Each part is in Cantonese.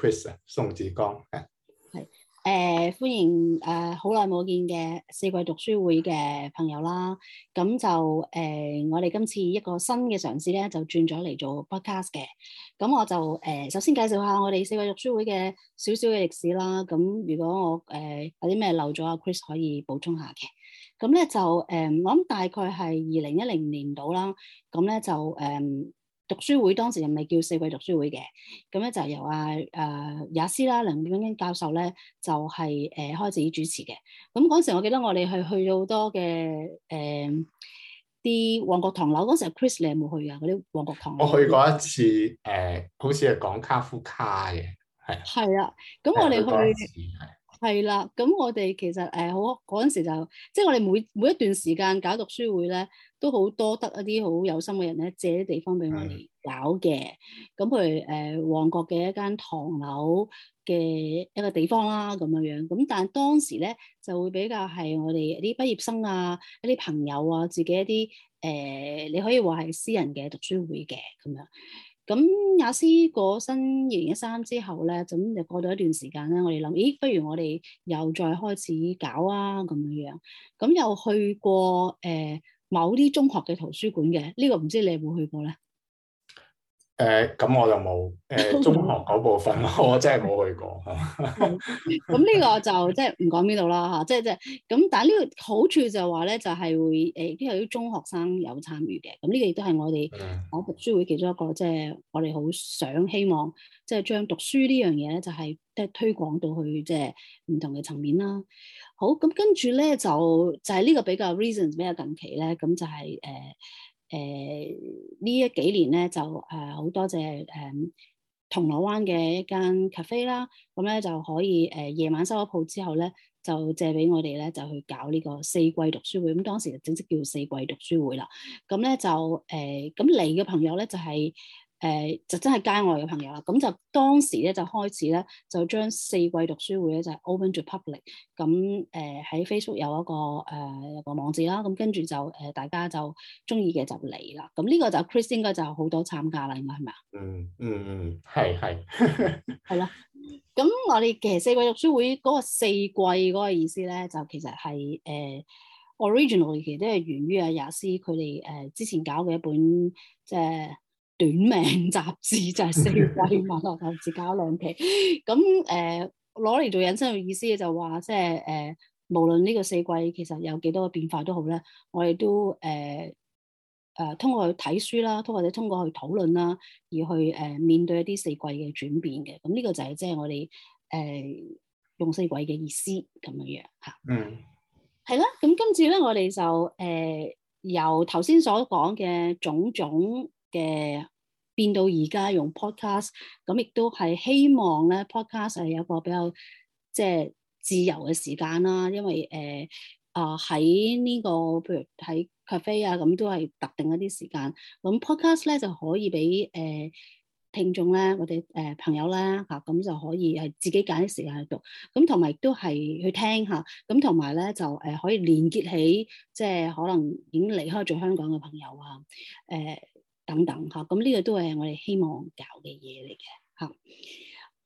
Chris，宋子江，係，係，誒，歡迎，誒、呃，好耐冇見嘅四季讀書會嘅朋友啦，咁就，誒、呃，我哋今次一個新嘅嘗試咧，就轉咗嚟做 podcast 嘅，咁我就，誒、呃，首先介紹下我哋四季讀書會嘅少少嘅歷史啦，咁如果我，誒、呃，有啲咩漏咗，阿 Chris 可以補充下嘅，咁咧就，誒、呃，我諗大概係二零一零年度啦，咁咧就，誒、呃。讀書會當時又咪叫四季讀書會嘅，咁咧就係由啊誒、呃、也斯啦，梁秉鈞教授咧就係、是、誒、呃、開始主持嘅。咁嗰陣時，我記得我哋係去咗好多嘅誒啲旺角唐樓。嗰陣時，Chris 你有冇去啊？嗰啲旺角唐樓。我去過一次誒、呃，好似係講卡夫卡嘅，係。係啊，咁我哋去。係啦，咁我哋其實誒、呃、好嗰陣時就，即係我哋每每一段時間搞讀書會咧，都好多得一啲好有心嘅人咧借啲地方俾我哋搞嘅。咁譬如誒、呃、旺角嘅一間唐樓嘅一個地方啦、啊，咁樣樣。咁但係當時咧就會比較係我哋啲畢業生啊，一啲朋友啊，自己一啲誒、呃，你可以話係私人嘅讀書會嘅咁樣。咁雅思過新二一三之後咧，咁就過咗一段時間咧，我哋諗，咦，不如我哋又再開始搞啊咁樣樣。咁又去過誒、呃、某啲中學嘅圖書館嘅，呢、這個唔知你有冇去過咧？誒，咁我就冇，誒、嗯嗯，中學嗰部分我真係冇去過。咁呢、 嗯、個就即係唔講呢度啦吓，即係、啊、即係，咁但係呢個好處就係話咧，就係、是、會誒，都有啲中學生有參與嘅。咁呢個亦都係我哋 我讀書會其中一個，即、就、係、是、我哋好想希望，即係將讀書呢樣嘢咧，就係即係推廣到去即係唔同嘅層面啦。好，咁跟住咧就就係、是、呢個比較 reasons 比較近期咧，咁就係、是、誒。呃誒呢一幾年咧就誒好、呃、多謝誒銅、呃、鑼灣嘅一間 cafe 啦，咁咧就可以誒、呃、夜晚收咗鋪之後咧，就借俾我哋咧就去搞呢個四季讀書會，咁、嗯、當時就正式叫四季讀書會啦。咁、嗯、咧、嗯嗯、就誒咁嚟嘅朋友咧就係、是。誒、呃、就真係街外嘅朋友啦，咁就當時咧就開始咧就將四季讀書會咧就 open to public，咁誒喺、呃、Facebook 有一個誒、呃、一個網址啦，咁跟住就誒、呃、大家就中意嘅就嚟啦，咁呢個就 Chris 應該就好多參加啦，應該係咪啊？嗯嗯，係係係啦，咁 我哋其實四季讀書會嗰個四季嗰個意思咧，就其實係誒、呃、original，其實都係源於阿雅思佢哋誒之前搞嘅一本即係，就是短命雜誌就係、是、四季網絡雜誌搞兩期，咁誒，攞 嚟、呃、做引申嘅意思就話，即係誒，無論呢個四季其實有幾多嘅變化都好咧，我哋都誒誒、呃呃，通過去睇書啦，通過或者通過去討論啦，而去誒、呃、面對一啲四季嘅轉變嘅，咁呢個就係即係我哋誒、呃、用四季嘅意思咁樣樣吓，嗯，係啦，咁今次咧，我哋就誒、呃、由頭先所講嘅種種。嘅變到而家用 podcast，咁亦都係希望咧 podcast 係有個比較即係、就是、自由嘅時間啦。因為誒啊喺呢個譬如喺咖啡啊咁都係特定一啲時間，咁 podcast 咧就可以俾誒、呃、聽眾咧我哋誒、呃、朋友咧吓咁就可以係自己揀啲時間去讀，咁同埋亦都係去聽吓，咁同埋咧就誒可以連結起即係、就是、可能已經離開咗香港嘅朋友啊，誒、呃。等等嚇，咁、這、呢個都係我哋希望搞嘅嘢嚟嘅嚇。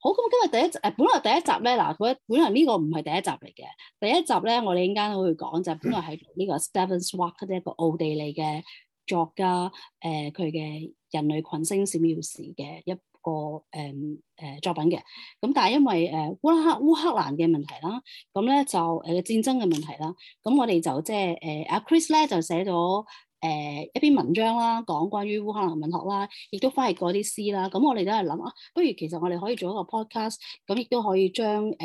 好，咁今日第一集誒，本來第一集咧，嗱，佢本來呢個唔係第一集嚟嘅。第一集咧，我哋依家會講就本來係呢個 Stefan Zweig 即係一個奧地利嘅作家，誒佢嘅人類群星閃耀時嘅一個誒誒、嗯呃、作品嘅。咁但係因為誒烏、呃、克烏克蘭嘅問題啦，咁咧就誒、呃、戰爭嘅問題啦，咁我哋就即係誒阿 Chris 咧就寫咗。誒、呃、一篇文章啦，講關於烏克蘭文學啦，亦都翻譯過啲詩啦。咁、嗯、我哋都係諗啊，不如其實我哋可以做一個 podcast，咁、嗯、亦都可以將誒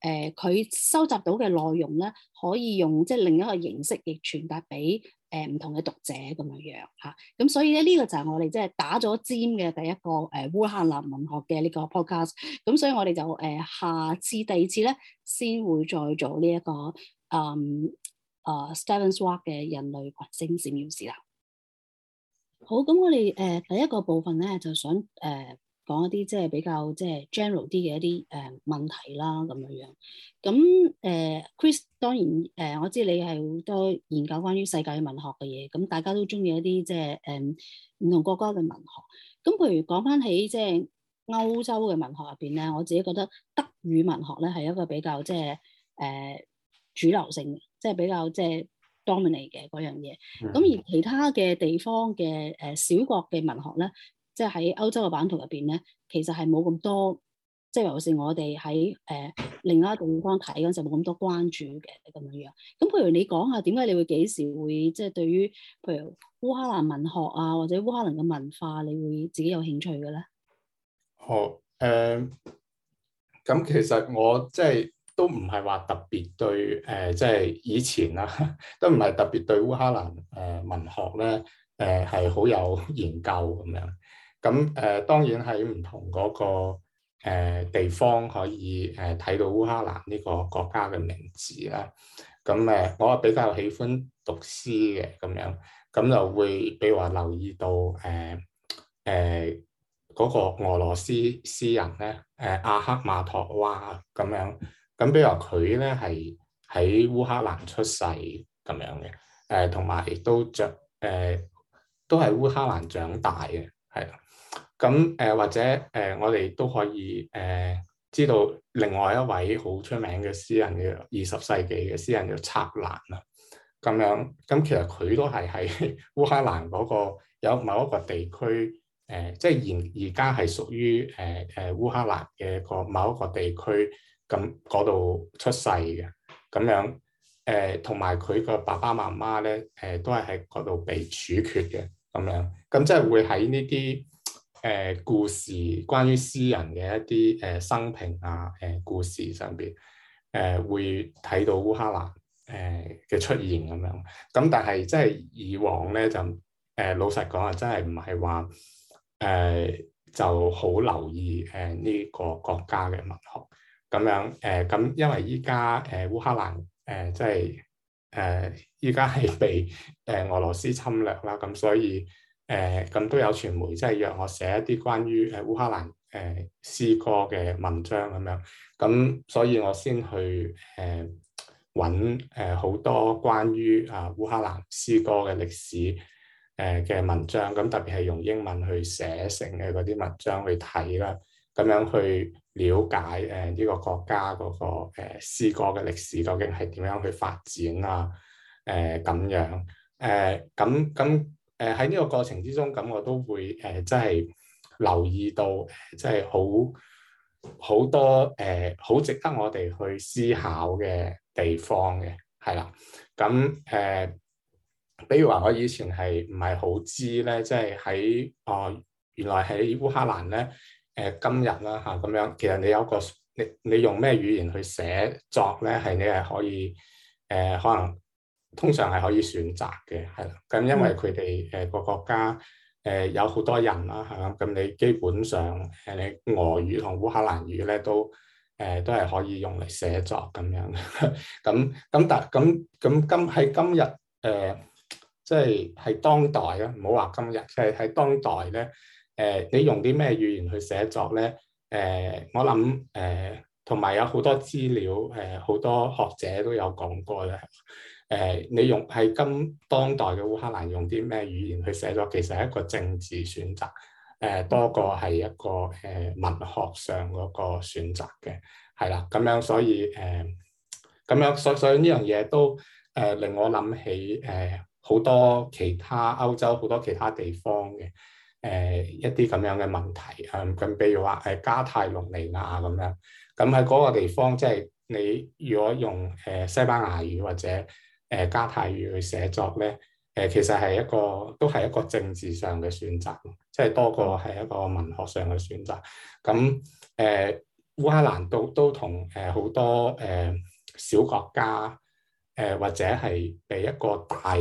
誒佢收集到嘅內容咧，可以用即係、就是、另一個形式，亦傳達俾誒唔同嘅讀者咁樣樣嚇。咁、啊嗯、所以咧，呢、這個就係我哋即係打咗尖嘅第一個誒、呃、烏克蘭文學嘅呢個 podcast、嗯。咁所以我哋就誒、呃、下次第二次咧，先會再做呢、這、一個嗯。啊，Stefan Zweig 嘅《uh, Sw 人類群星閃耀時》啦。好，咁我哋誒、呃、第一個部分咧，就想誒、呃、講一啲即係比較即係 general 啲嘅一啲誒問題啦，咁樣樣。咁誒、呃、Chris 當然誒、呃，我知你係好多研究關於世界文學嘅嘢，咁大家都中意一啲即係誒唔同國家嘅文學。咁譬如講返起即係、呃、歐洲嘅文學入邊咧，我自己覺得德語文學咧係一個比較即係誒主流性。即係比較即係 dominate 嘅嗰樣嘢，咁而其他嘅地方嘅誒小國嘅文學咧，即係喺歐洲嘅版圖入邊咧，其實係冇咁多，即係尤其是我哋喺誒另外一棟光睇嗰陣冇咁多關注嘅咁樣樣。咁譬如你講下點解你會幾時會即係對於譬如烏克蘭文學啊，或者烏克蘭嘅文化，你會自己有興趣嘅咧？好誒，咁其實我即係。都唔係話特別對誒、呃，即係以前啦，都唔係特別對烏克蘭誒、呃、文學咧誒係好有研究咁樣。咁誒、呃、當然喺唔同嗰、那個、呃、地方可以誒睇到烏克蘭呢個國家嘅名字啦。咁誒、呃、我比較喜歡讀詩嘅咁樣，咁就會比如話留意到誒誒嗰個俄羅斯詩人咧誒阿克馬托娃，咁樣。咁比如話佢咧係喺烏克蘭出世咁樣嘅，誒同埋亦都着誒、呃、都係烏克蘭長大嘅，係啦。咁誒、呃、或者誒、呃、我哋都可以誒、呃、知道另外一位好出名嘅詩人嘅二十世紀嘅詩人叫策蘭啊，咁樣咁、嗯、其實佢都係喺烏克蘭嗰個有某一個地區誒、呃，即係而而家係屬於誒誒、呃呃、烏克蘭嘅個某一個地區。咁嗰度出世嘅，咁樣，誒、呃，同埋佢個爸爸媽媽咧，誒、呃，都係喺嗰度被處決嘅，咁樣，咁、嗯、即係會喺呢啲，誒、呃，故事關於私人嘅一啲，誒、呃，生平啊，誒、呃，故事上邊，誒、呃，會睇到烏克蘭，誒、呃，嘅出現咁樣，咁、嗯、但係即係以往咧就，誒、呃，老實講啊，真係唔係話，誒，就好留意誒呢、呃這個國家嘅文學。咁樣誒，咁、呃、因為依家誒烏克蘭誒，即係誒依家係被誒俄羅斯侵略啦，咁所以誒咁、呃、都有傳媒即係約我寫一啲關於誒烏克蘭誒、呃、詩歌嘅文章咁樣，咁所以我先去誒揾誒好多關於啊烏克蘭詩歌嘅歷史誒嘅、呃、文章，咁特別係用英文去寫成嘅嗰啲文章去睇啦。咁樣去了解誒呢個國家嗰、那個誒詩歌嘅歷史究竟係點樣去發展啊？誒咁樣誒咁咁誒喺呢個過程之中，咁我都會誒真係留意到，即係好好多誒好、呃、值得我哋去思考嘅地方嘅，係啦。咁、嗯、誒、呃，比如話我以前係唔係好知咧？即係喺哦，原來喺烏克蘭咧。誒今日啦嚇咁樣，其實你有個你你用咩語言去寫作咧，係你係可以誒、呃，可能通常係可以選擇嘅，係啦。咁因為佢哋誒個國家誒、呃、有好多人啦嚇，咁你基本上誒、呃、你俄語同烏克蘭語咧都誒、呃、都係可以用嚟寫作咁樣。咁咁但咁咁今喺今日誒，即係係當代啊，唔好話今日，即係喺當代咧。誒、呃，你用啲咩語言去寫作咧？誒、呃，我諗誒，同、呃、埋有好多資料，誒、呃，好多學者都有講過咧。誒、呃，你用係今當代嘅烏克蘭用啲咩語言去寫作，其實係一個政治選擇，誒、呃，多過係一個誒、呃、文學上嗰個選擇嘅。係啦，咁樣所以誒，咁、呃、樣所所以呢樣嘢都誒、呃、令我諗起誒好、呃、多其他歐洲好多其他地方嘅。誒、呃、一啲咁樣嘅問題，咁、嗯、譬如話誒加泰隆尼亞咁樣，咁喺嗰個地方，即、就、係、是、你如果用誒、呃、西班牙語或者誒、呃、加泰語去寫作咧，誒、呃、其實係一個都係一個政治上嘅選擇，即、就、係、是、多過係一個文學上嘅選擇。咁誒烏克蘭都都同誒好多誒、呃、小國家誒、呃、或者係俾一個大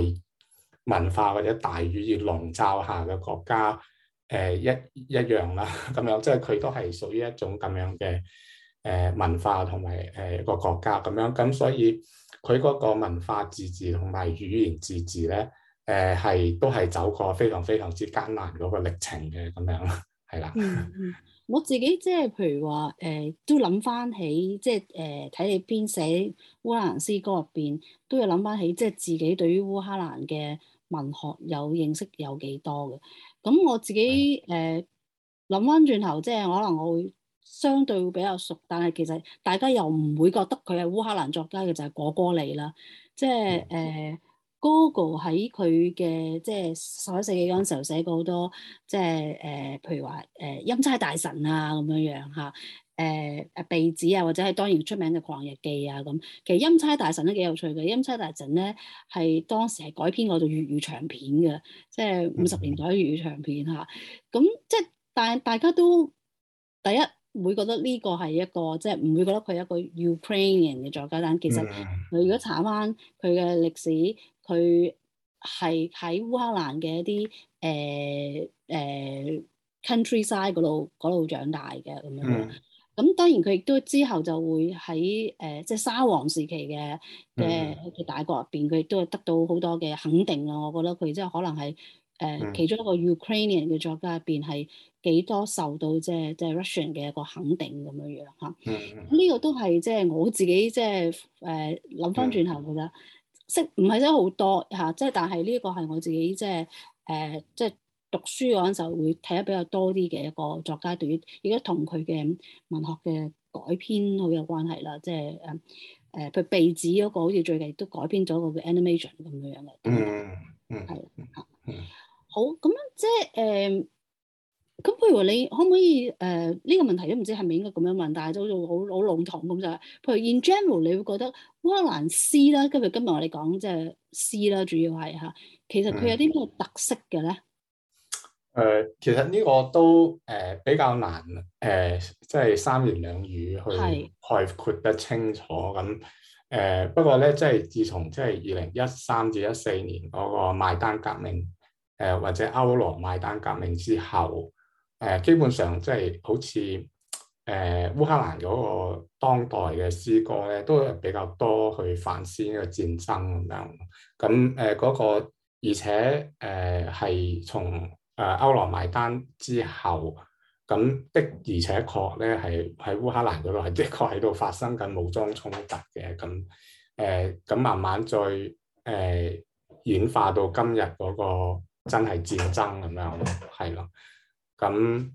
文化或者大語言籠罩下嘅國家，誒、呃、一一樣啦，咁樣即係佢都係屬於一種咁樣嘅誒、呃、文化同埋誒一個國家咁樣，咁所以佢嗰個文化自治同埋語言自治咧，誒、呃、係都係走過非常非常之艱難嗰個歷程嘅咁樣，係啦。嗯嗯，我自己即係譬如話誒、呃，都諗返起即係誒睇你編寫烏蘭詩歌入邊，都要諗返起即係、就是、自己對於烏克蘭嘅文學有認識有幾多嘅？咁我自己誒諗翻轉頭，即係可能我會相對會比較熟，但係其實大家又唔會覺得佢係烏克蘭作家嘅就係果戈里啦。即係誒，果戈喺佢嘅即係十一世紀嗰陣時候寫過好多，即係誒、呃，譬如話誒欽差大臣啊咁樣樣嚇。誒誒鼻子啊，或者係當然出名嘅《狂日記》啊啊咁，其實《欽差大臣》都幾有趣嘅，《欽 差大臣》咧係當時係改編過做粵語長片嘅，即係五十年代粵語長片嚇。咁即係但係大家都第一會覺得呢個係一個即係唔會覺得佢係一個 Ukrainian 嘅作家，但其實佢 如果查翻佢嘅歷史，佢係喺烏克蘭嘅一啲誒誒、呃呃、countryside 嗰度嗰度長大嘅咁樣。 咁當然佢亦都之後就會喺誒、呃、即係沙皇時期嘅嘅嘅大國入邊，佢亦都係得到好多嘅肯定咯。我覺得佢即係可能係誒、呃嗯、其中一個 Ukrainian 嘅作家入邊係幾多受到、呃、即係即係 Russian 嘅一個肯定咁樣樣嚇。呢、啊嗯嗯、個都係即係我自己即係誒諗翻轉頭噶啦，嗯、識唔係真係好多嚇，即、啊、係但係呢個係我自己即係誒即係。呃即係讀書嗰陣就會睇得比較多啲嘅一個作家，對於亦都同佢嘅文學嘅改編好有關係啦。即係誒誒，佢、呃、鼻子嗰個好似最近都改編咗個 animation 咁樣樣嘅、嗯。嗯嗯，係好咁樣，即係誒咁。呃、譬如話，你可唔可以誒呢、呃這個問題都唔知係咪應該咁樣問，但係都好好籠統咁就。譬如 in general，你會覺得烏克蘭詩啦，今日今日我哋講即係詩啦，主要係嚇。其實佢有啲咩特色嘅咧？誒、呃，其實呢個都誒、呃、比較難誒、呃，即係三言兩語去概括得清楚咁。誒是、呃，不過咧，即係自從即係二零一三至一四年嗰個邁丹革命，誒、呃、或者歐羅邁丹革命之後，誒、呃、基本上即係好似誒、呃、烏克蘭嗰個當代嘅詩歌咧，都比較多去反思呢個戰爭咁樣。咁誒嗰個，而且誒係、呃、從誒歐羅埋單之後，咁的而且確咧係喺烏克蘭嗰度係的確喺度發生緊武裝衝突嘅，咁誒咁慢慢再誒、呃、演化到今日嗰個真係戰爭咁樣咯，係咯，咁誒、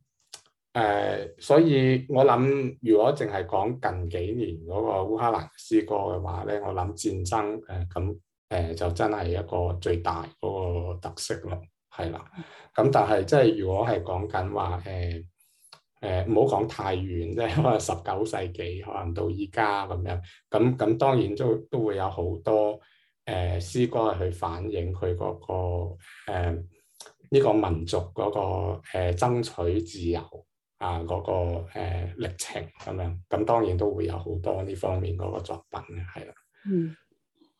呃，所以我諗如果淨係講近幾年嗰個烏克蘭詩歌嘅話咧，我諗戰爭誒咁誒就真係一個最大嗰個特色咯。係啦，咁但係即係如果係講緊話，誒、呃、誒，唔好講太遠，即係可能十九世紀，可能，可能到依家咁樣，咁咁當然都都會有好多誒詩歌去反映佢嗰個誒呢個民族嗰個誒、呃、爭取自由啊嗰個誒歷程咁樣，咁當然都會有好多呢方面嗰個作品嘅係啦。嗯，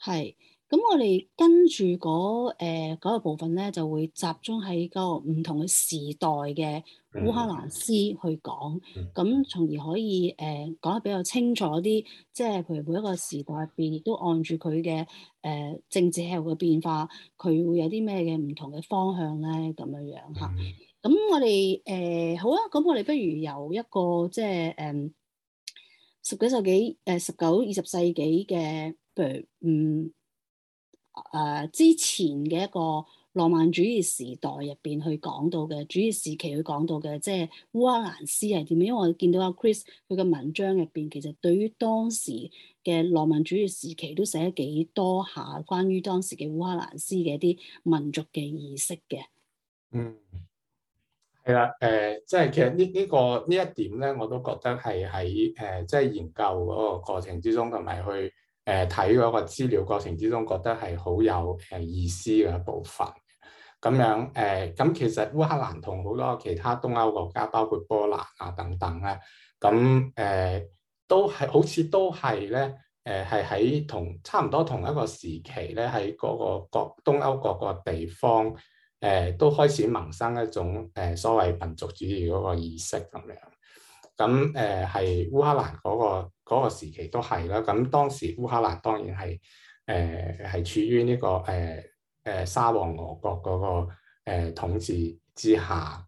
係。咁我哋跟住嗰誒個部分咧，就會集中喺個唔同嘅時代嘅烏克蘭詩去講。咁從、嗯、而可以誒講得比較清楚啲，即係譬如每一個時代入邊，亦都按住佢嘅誒政治氣候嘅變化，佢會有啲咩嘅唔同嘅方向咧咁樣樣嚇。咁、嗯、我哋誒、呃、好啊，咁我哋不如由一個即係誒、嗯十幾，十幾，呃、十九世紀誒十九二十世紀嘅，譬如嗯。誒、呃，之前嘅一個浪漫主義時代入邊去講到嘅，主義時期去講到嘅，即、就、係、是、烏克蘭詩係點？因為我見到阿、啊、Chris 佢嘅文章入邊，其實對於當時嘅浪漫主義時期都寫咗幾多下關於當時嘅烏克蘭詩嘅一啲民族嘅意識嘅。嗯，係啦，誒、呃，即係其實呢、這、呢個呢、這個、一點咧，我都覺得係喺誒，即係研究嗰個過程之中，同埋去。誒睇嗰個資料過程之中，覺得係好有誒意思嘅一部分。咁樣誒，咁、呃、其實烏克蘭同好多其他東歐國家，包括波蘭啊等等咧，咁誒、呃、都係好似都係咧，誒係喺同差唔多同一個時期咧，喺嗰個國東歐各個地方，誒、呃、都開始萌生一種誒、呃、所謂民族主義嗰個意識咁樣。咁誒係烏克蘭嗰、那個嗰、那個、時期都係啦，咁、嗯、當時烏克蘭當然係誒係處於呢、這個誒誒、呃、沙皇俄國嗰、那個誒、呃、統治之下誒、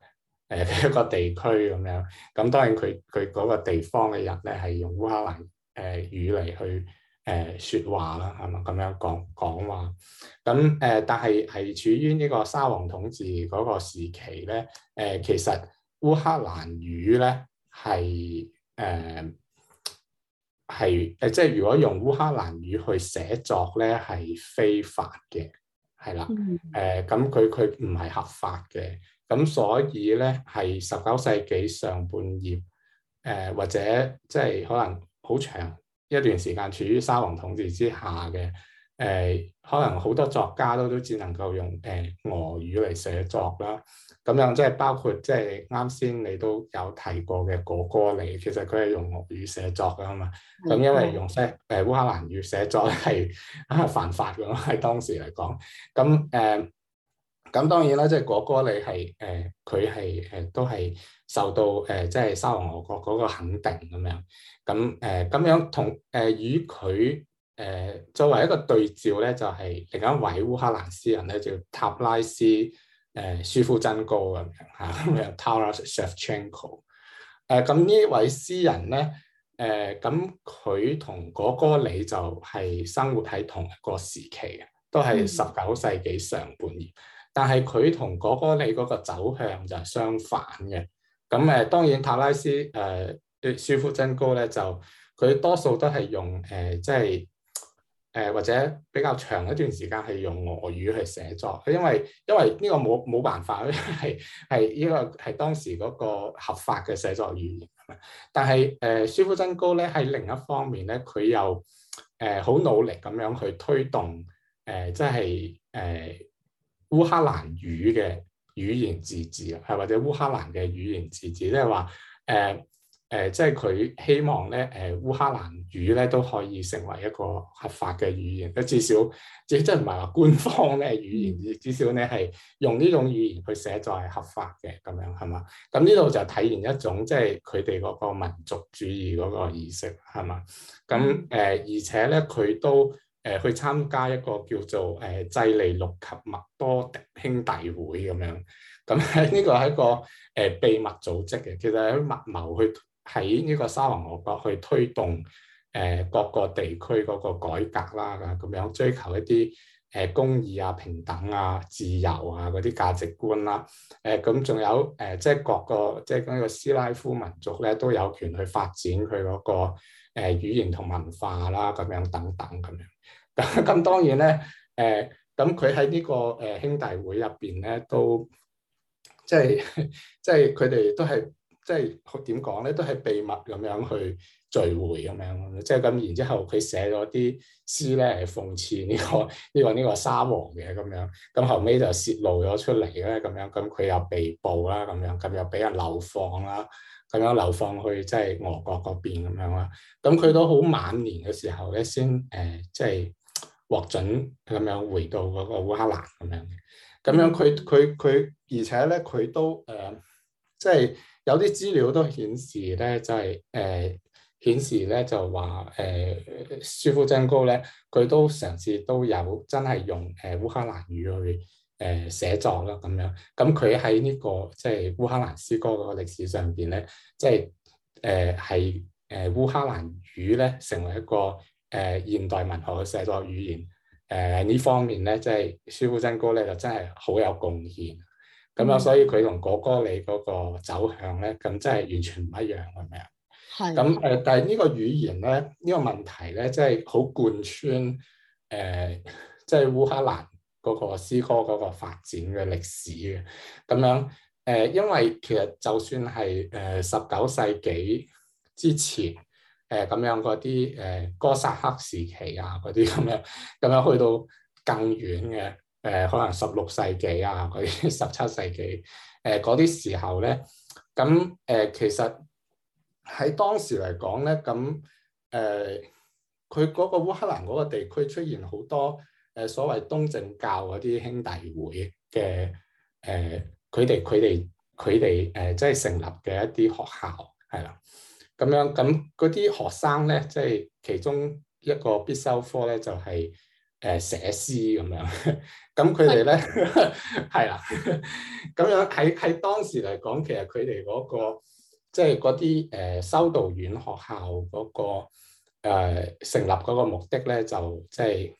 呃、一個地區咁樣，咁、嗯、當然佢佢嗰個地方嘅人咧係用烏克蘭誒、呃、語嚟去誒説、呃、話啦，係嘛咁樣講講話，咁誒、呃、但係係處於呢個沙皇統治嗰個時期咧，誒、呃、其實烏克蘭語咧。係誒係誒，即係如果用烏克蘭語去寫作咧，係非法嘅，係啦，誒咁佢佢唔係合法嘅，咁所以咧係十九世紀上半葉誒、呃，或者即係可能好長一段時間處於沙皇統治之下嘅。誒、呃、可能好多作家都都只能夠用誒、呃、俄語嚟寫作啦，咁樣即係包括即係啱先你都有提過嘅果戈里，其實佢係用俄語寫作噶嘛，咁、mm hmm. 因為用西誒烏克蘭語寫作咧係啊犯法噶嘛，喺當時嚟講，咁誒咁當然啦，即係果戈里係誒佢係誒都係受到誒即係沙皇俄國嗰個肯定咁樣，咁誒咁樣同誒與佢。呃誒作為一個對照咧，就係、是、另一位烏克蘭詩人咧，就塔拉斯誒舒、呃、夫真高，咁樣吓，咁樣塔拉斯舍夫真高誒咁呢位詩人咧誒咁佢同果戈里就係生活喺同一個時期嘅，都係十九世紀上半葉，嗯、但係佢同果戈里嗰個走向就係相反嘅。咁、啊、誒當然塔拉斯誒舒、呃、夫真高咧就佢多數都係用誒即係。呃就是誒或者比較長一段時間係用俄語去寫作，因為因為呢個冇冇辦法，因為係係呢個係當時嗰個合法嘅寫作語言。但係誒、呃，舒夫真高咧喺另一方面咧，佢又誒好、呃、努力咁樣去推動誒，即係誒烏克蘭語嘅語言自治啊，係或者烏克蘭嘅語言自治，即係話誒。就是誒、呃，即係佢希望咧，誒、呃、烏克蘭語咧都可以成為一個合法嘅語言，即至少，即係真唔係話官方咧語言，至少咧係用呢種語言去寫作係合法嘅咁樣，係嘛？咁呢度就體現一種即係佢哋嗰個民族主義嗰個意識，係嘛？咁誒、呃，而且咧佢都誒、呃、去參加一個叫做誒濟利祿及麥多迪兄弟會咁樣，咁呢個係一個誒、呃、秘密組織嘅，其實喺密謀去。喺呢個沙皇俄國去推動誒、呃、各個地區嗰個改革啦，咁樣追求一啲誒、呃、公義啊、平等啊、自由啊嗰啲價值觀啦、啊。誒咁仲有誒、呃，即係各個即係嗰個斯拉夫民族咧，都有權去發展佢嗰、嗰個誒、呃、語言同文化啦，咁樣等等咁樣。咁咁當然咧，誒咁佢喺呢個誒兄弟會入邊咧，都即係即係佢哋都係。即係點講咧，都係秘密咁樣去聚會咁樣。即係咁，然之後佢寫咗啲詩咧，係諷刺呢個呢個呢個沙皇嘅咁樣。咁後尾就泄露咗出嚟咧，咁樣咁佢又被捕啦，咁樣咁又俾人流放啦，咁樣流放去即係俄國嗰邊咁樣啦。咁佢都好晚年嘅時候咧，先誒、呃、即係獲准咁樣回到嗰個烏克蘭咁樣。咁樣佢佢佢，而且咧佢都誒。呃即係有啲資料都顯示咧，就係、是、誒、呃、顯示咧就話誒、呃、舒夫珍高咧，佢都嘗試都有真係用誒烏克蘭語去誒、呃、寫作啦咁樣。咁佢喺呢個即係烏克蘭詩歌個歷史上邊咧，即係誒係誒烏克蘭語咧成為一個誒、呃、現代文學嘅寫作語言誒呢、呃、方面咧，即係舒夫珍高咧就真係好有貢獻。咁啊，嗯、所以佢同哥哥你嗰個走向咧，咁真係完全唔一樣，係咪啊？係。咁誒、呃，但係呢個語言咧，呢、呢個問題咧，即係好貫穿誒，即、呃、係烏克蘭嗰個詩歌嗰個發展嘅歷史嘅。咁樣誒、呃，因為其實就算係誒十九世紀之前誒咁、呃、樣嗰啲誒哥薩克時期啊，嗰啲咁樣，咁樣去到更遠嘅。誒、呃、可能十六世紀啊，啲十七世紀，誒嗰啲時候咧，咁誒、呃、其實喺當時嚟講咧，咁誒佢嗰個烏克蘭嗰個地區出現好多誒、呃、所謂東正教嗰啲兄弟會嘅誒，佢哋佢哋佢哋誒即係成立嘅一啲學校，係啦，咁樣咁嗰啲學生咧，即係其中一個必修科咧，就係。誒、呃、寫詩咁樣，咁佢哋咧係啦，咁、 啊、樣喺喺當時嚟講，其實佢哋嗰個即係嗰啲誒修道院學校嗰、那個、呃、成立嗰個目的咧，就即係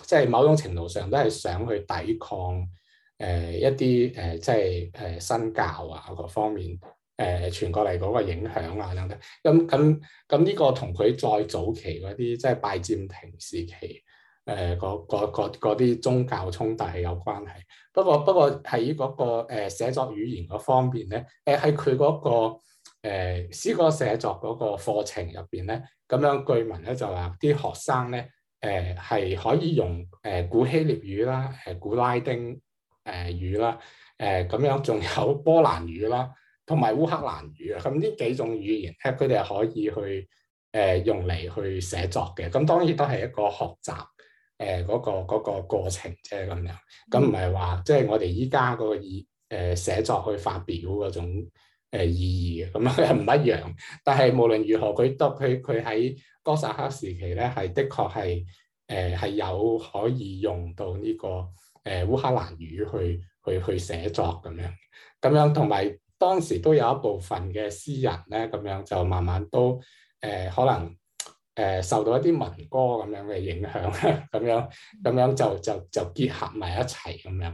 即係某種程度上都係想去抵抗誒、呃、一啲誒即係誒新教啊各方面誒傳過嚟嗰個影響啊等等。咁咁咁呢個同佢再早期嗰啲即係拜占庭時期。誒，嗰啲、呃、宗教衝突係有關係。不過不過，喺嗰個誒寫作語言嗰方面咧，誒喺佢嗰個誒詩歌寫作嗰個課程入邊咧，咁樣據聞咧就話啲學生咧，誒、呃、係可以用誒古希臘語啦、誒古拉丁誒語啦、誒、呃、咁樣仲有波蘭語啦，同埋烏克蘭語啊，咁呢幾種語言咧，佢哋係可以去誒、呃、用嚟去寫作嘅。咁當然都係一個學習。誒嗰個嗰個過程啫，咁樣，咁唔係話即係我哋依家嗰個意誒寫作去發表嗰種誒意義嘅，咁係唔一樣。但係無論如何，佢都佢佢喺哥薩克時期咧，係的確係誒係有可以用到呢個誒烏克蘭語去去去寫作咁樣，咁樣同埋當時都有一部分嘅詩人咧，咁樣就慢慢都誒可能。誒受到一啲民歌咁樣嘅影響啊，咁樣咁樣就就就結合埋一齊咁樣。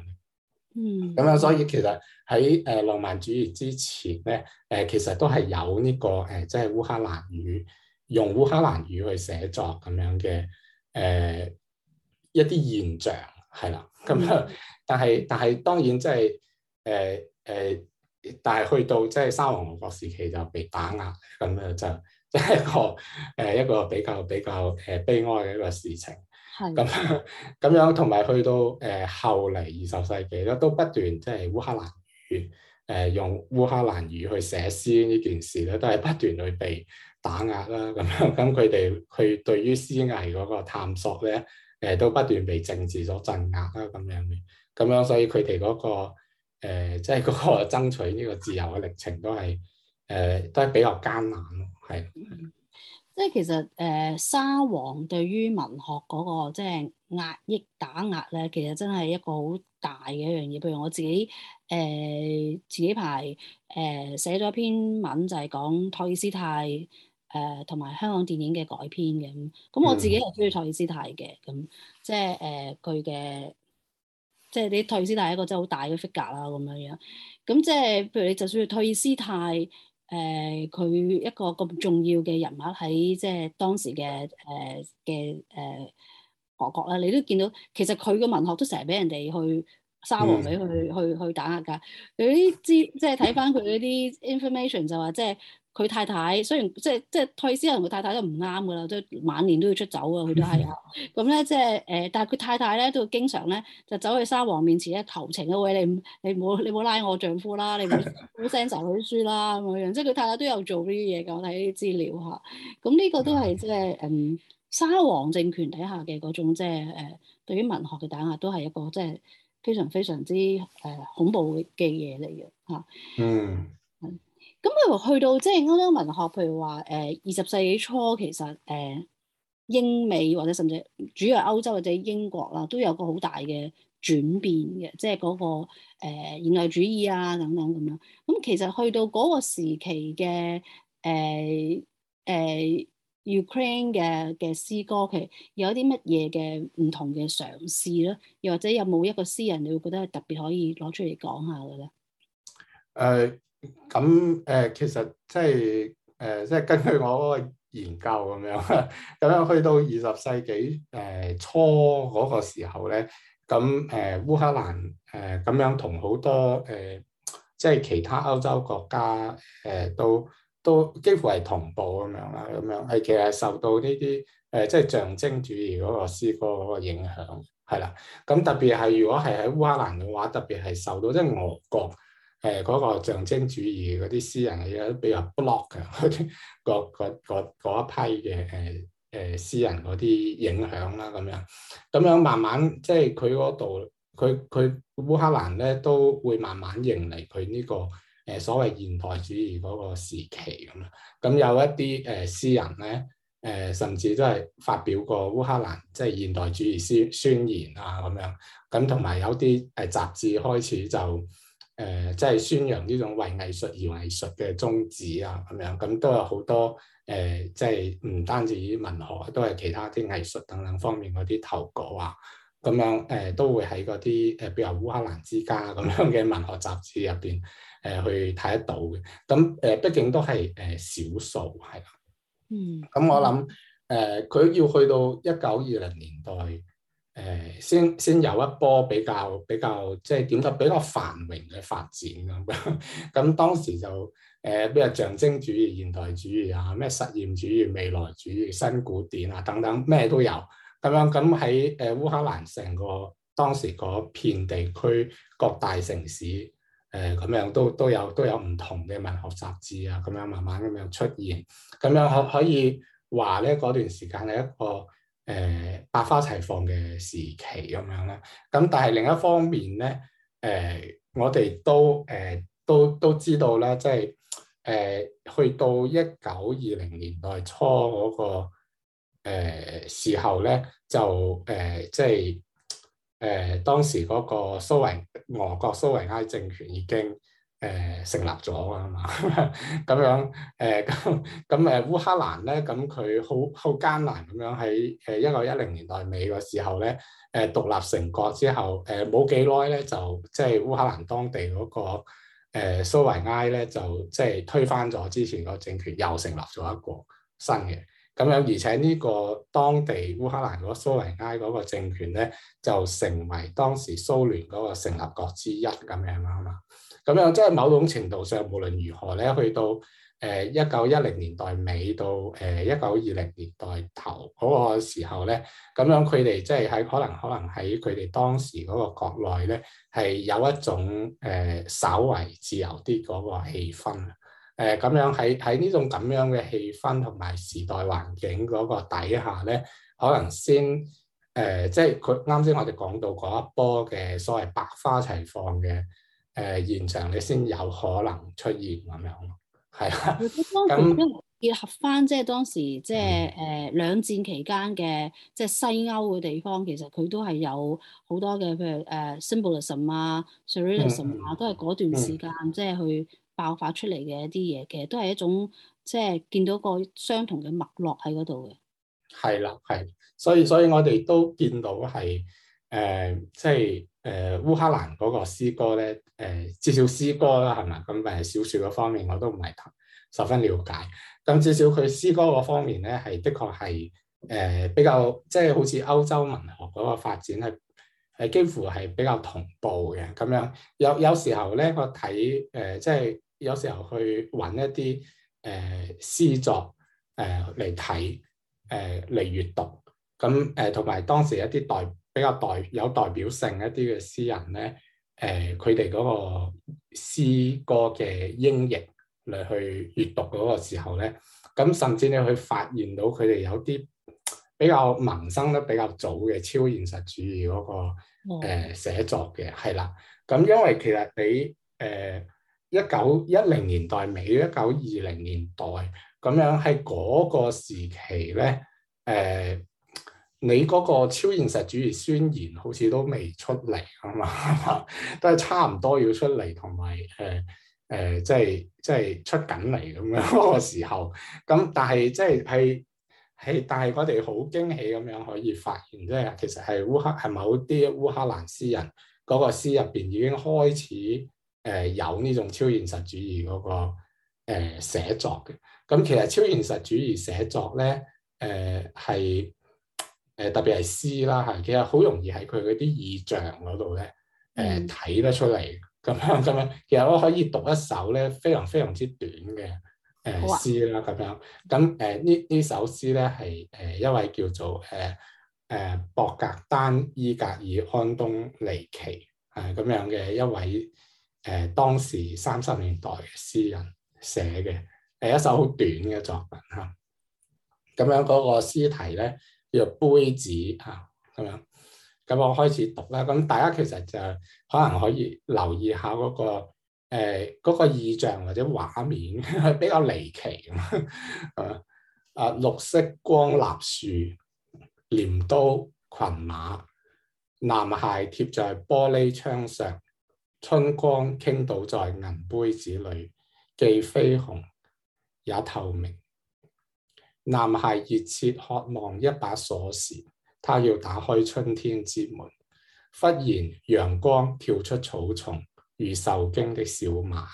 嗯，咁樣所以其實喺誒、呃、浪漫主義之前咧，誒、呃、其實都係有呢、這個誒，即係烏克蘭語，用烏克蘭語去寫作咁樣嘅誒、呃嗯、一啲現象係啦。咁樣，但係但係當然即係誒誒，但係去到即係沙皇俄國時期就被打壓，咁樣就。即係 一個誒一個比較比較誒悲哀嘅一個事情，係咁樣咁樣，同埋 去到誒後嚟二十世紀咧，都不斷即係、就是、烏克蘭語誒用烏克蘭語去寫詩呢件事咧，都係不斷去被打壓啦。咁樣咁佢哋佢對於詩藝嗰個探索咧，誒都不斷被政治所鎮壓啦。咁樣咁樣，所以佢哋嗰個即係嗰個爭取呢個自由嘅歷程都係誒、呃、都係比較艱難咯。係，即係其實誒、呃，沙皇對於文學嗰、那個即係壓抑打壓咧，其實真係一個好大嘅一樣嘢。譬如我自己誒，前幾排誒寫咗一篇文，就係講托爾斯泰誒，同、呃、埋香港電影嘅改編嘅。咁我自己係中意托爾斯泰嘅，咁即係誒，佢嘅即係你托爾斯泰係一個真係好大嘅 figure 啦，咁樣樣。咁即係譬如你就算托爾斯泰。誒佢、呃、一個咁重要嘅人物喺即係當時嘅誒嘅誒俄國啦，你都見到其實佢嘅文學都成日俾人哋去沙皇俾去去去打壓㗎，有啲知即係睇翻佢嗰啲 information 就話即係。佢太太雖然即係即係退思，同佢太太都唔啱噶啦，都晚年都要出走啊。佢都係啊，咁咧、 嗯、即係誒，但係佢太太咧都經常咧就走去沙皇面前咧求情啊，喂，你你唔好你唔好拉我丈夫啦，你唔好唔好 send 手裏書啦咁樣。即係佢太太都有做呢啲嘢㗎，我睇啲資料嚇。咁、啊、呢、嗯嗯、個都係即係誒沙皇政權底下嘅嗰種即係誒、呃、對於文學嘅打壓都係一個即係非常非常之誒、呃、恐怖嘅嘢嚟嘅嚇。嗯、啊。 咁佢去到即係歐洲文學，譬如話誒二十世紀初，其實誒、呃、英美或者甚至主要係歐洲或者英國啦，都有個好大嘅轉變嘅，即係嗰、那個誒現代主義啊等等咁樣。咁、嗯、其實去到嗰個時期嘅誒誒 Ukraine 嘅嘅詩歌，其實有啲乜嘢嘅唔同嘅嘗試咧？又或者有冇一個詩人你會覺得特別可以攞出嚟講下嘅咧？誒、uh。咁誒、呃，其實即係誒，即係根據我嗰個研究咁樣，咁樣去到二十世紀誒、呃、初嗰個時候咧，咁誒烏克蘭誒咁樣同好多誒、呃、即係其他歐洲國家誒、呃、都都幾乎係同步咁樣啦，咁樣係其實係受到呢啲誒即係象徵主義嗰個詩歌嗰個影響，係啦。咁特別係如果係喺烏克蘭嘅話，特別係受到即係、就是、俄國。誒嗰、呃那個象徵主義嗰啲詩人係比較 block 嘅嗰啲，一批嘅誒誒詩人嗰啲影響啦，咁樣，咁樣慢慢即係佢嗰度，佢佢烏克蘭咧都會慢慢迎嚟佢呢個誒、呃、所謂現代主義嗰個時期咁樣。咁有一啲誒詩人咧，誒、呃、甚至都係發表過烏克蘭即係現代主義宣宣言啊咁樣。咁同埋有啲誒、呃、雜誌開始就～誒，即係、呃就是、宣揚呢種為藝術而藝術嘅宗旨啊，咁樣咁都有好多誒，即係唔單止文學，都係其他啲藝術等等方面嗰啲投稿啊，咁樣誒、呃、都會喺嗰啲誒，比如烏克蘭之家咁樣嘅文學雜誌入邊誒去睇得到嘅。咁誒、呃，畢竟都係誒少數係啦。嗯。咁、嗯、我諗誒，佢、呃、要去到一九二零年代。誒，先先有一波比較比較，即係點講？比較繁榮嘅發展咁樣。咁當時就誒，咩、呃、象徵主義、現代主義啊，咩實驗主義、未來主義、新古典啊，等等，咩都有。咁樣咁喺誒烏克蘭成個當時嗰片地區，各大城市誒咁、呃、樣都都有都有唔同嘅文學雜誌啊，咁樣慢慢咁樣出現。咁樣可可以話咧，嗰段時間係一個。誒，百花齊放嘅時期咁樣啦，咁但係另一方面咧，誒、呃，我哋都誒、呃，都都知道啦，即係誒，去到一九二零年代初嗰、那個誒、呃、時候咧，就誒，即係誒，當時嗰個蘇維俄國蘇維埃政權已經。誒成立咗㗎嘛，咁、嗯、 樣誒咁咁誒烏克蘭咧，咁佢好好艱難咁樣喺誒一九一零年代尾嘅時候咧，誒、嗯、獨立成國之後，誒冇幾耐咧就即係烏克蘭當地嗰、那個誒蘇維埃咧，就即係推翻咗之前個政權，又成立咗一個新嘅。咁樣，而且呢個當地烏克蘭嗰蘇維埃嗰個政權咧，就成為當時蘇聯嗰個成立國之一咁樣啦嘛。咁樣即係某種程度上，無論如何咧，去到誒一九一零年代尾到誒一九二零年代頭嗰個時候咧，咁樣佢哋即係喺可能可能喺佢哋當時嗰個國內咧，係有一種誒、呃、稍為自由啲嗰個氣氛。誒咁、呃、樣喺喺呢種咁樣嘅氣氛同埋時代環境嗰個底下咧，可能先誒、呃，即係佢啱先我哋講到嗰一波嘅所謂百花齊放嘅誒、呃、現場，你先有可能出現咁樣咯，係啊。咁時那結合翻即係當時即係誒兩戰期間嘅即係西歐嘅地方，其實佢都係有好多嘅，譬如誒 symbolism 啊、uh, surrealism 啊、uh, 嗯，都係嗰段時間、嗯嗯、即係去。爆發出嚟嘅一啲嘢，嘅都係一種即係見到個相同嘅脈絡喺嗰度嘅。係啦，係，所以所以我哋都見到係誒、呃，即係誒、呃、烏克蘭嗰個詩歌咧，誒、呃、至少詩歌啦，係嘛，咁誒小說嗰方面我都唔係十分了解。咁至少佢詩歌嗰方面咧，係的確係誒、呃、比較即係好似歐洲文學嗰個發展係係幾乎係比較同步嘅咁樣。有有時候咧，我睇誒、呃、即係。有時候去揾一啲誒、呃、詩作誒嚟睇誒嚟閱讀，咁誒同埋當時一啲代比較代、比較代有代表性一啲嘅詩人咧，誒佢哋嗰個詩歌嘅英譯嚟去閱讀嗰個時候咧，咁甚至你去發現到佢哋有啲比較萌生得比較早嘅超現實主義嗰、嗰個誒、呃、寫作嘅，係啦。咁因為其實你誒，呃一九一零年代尾，一九二零年代咁樣，喺嗰個時期咧，誒、呃，你嗰個超現實主義宣言好似都未出嚟啊嘛， 都係差唔多要出嚟，同埋誒誒，即係即係出緊嚟咁樣嗰個時候，咁但係即係係係，但係我哋好驚喜咁樣可以發現，即係其實係烏克係某啲烏克蘭詩人嗰、那個詩入邊已經開始。誒、呃，有呢種超現實主義嗰、那個誒寫、呃、作嘅。咁其實超現實主義寫作咧，誒係誒特別係詩啦，吓，其實好容易喺佢嗰啲意象嗰度咧，誒、呃、睇得出嚟，咁樣咁樣，其實我可以讀一首咧，非常非常之短嘅誒、呃啊、詩啦，咁樣，咁、呃、誒呢呢首詩咧係誒一位叫做誒誒、呃、博格丹伊格爾安東尼奇啊咁樣嘅一位。誒當時三十年代詩人寫嘅係一首好短嘅作品嚇，咁、啊、樣，嗰個詩題咧叫做「杯子」嚇，咁、啊、樣，咁我開始讀啦。咁、啊、大家其實就可能可以留意下嗰、那個誒意象或者畫面係比較離奇啊啊！綠色光立樹，鐮刀群馬，男孩貼在玻璃窗上。春光傾倒在銀杯子裏，既飛紅也透明。男孩熱切渴望一把鎖匙，他要打開春天之門。忽然陽光跳出草叢，如受驚的小馬。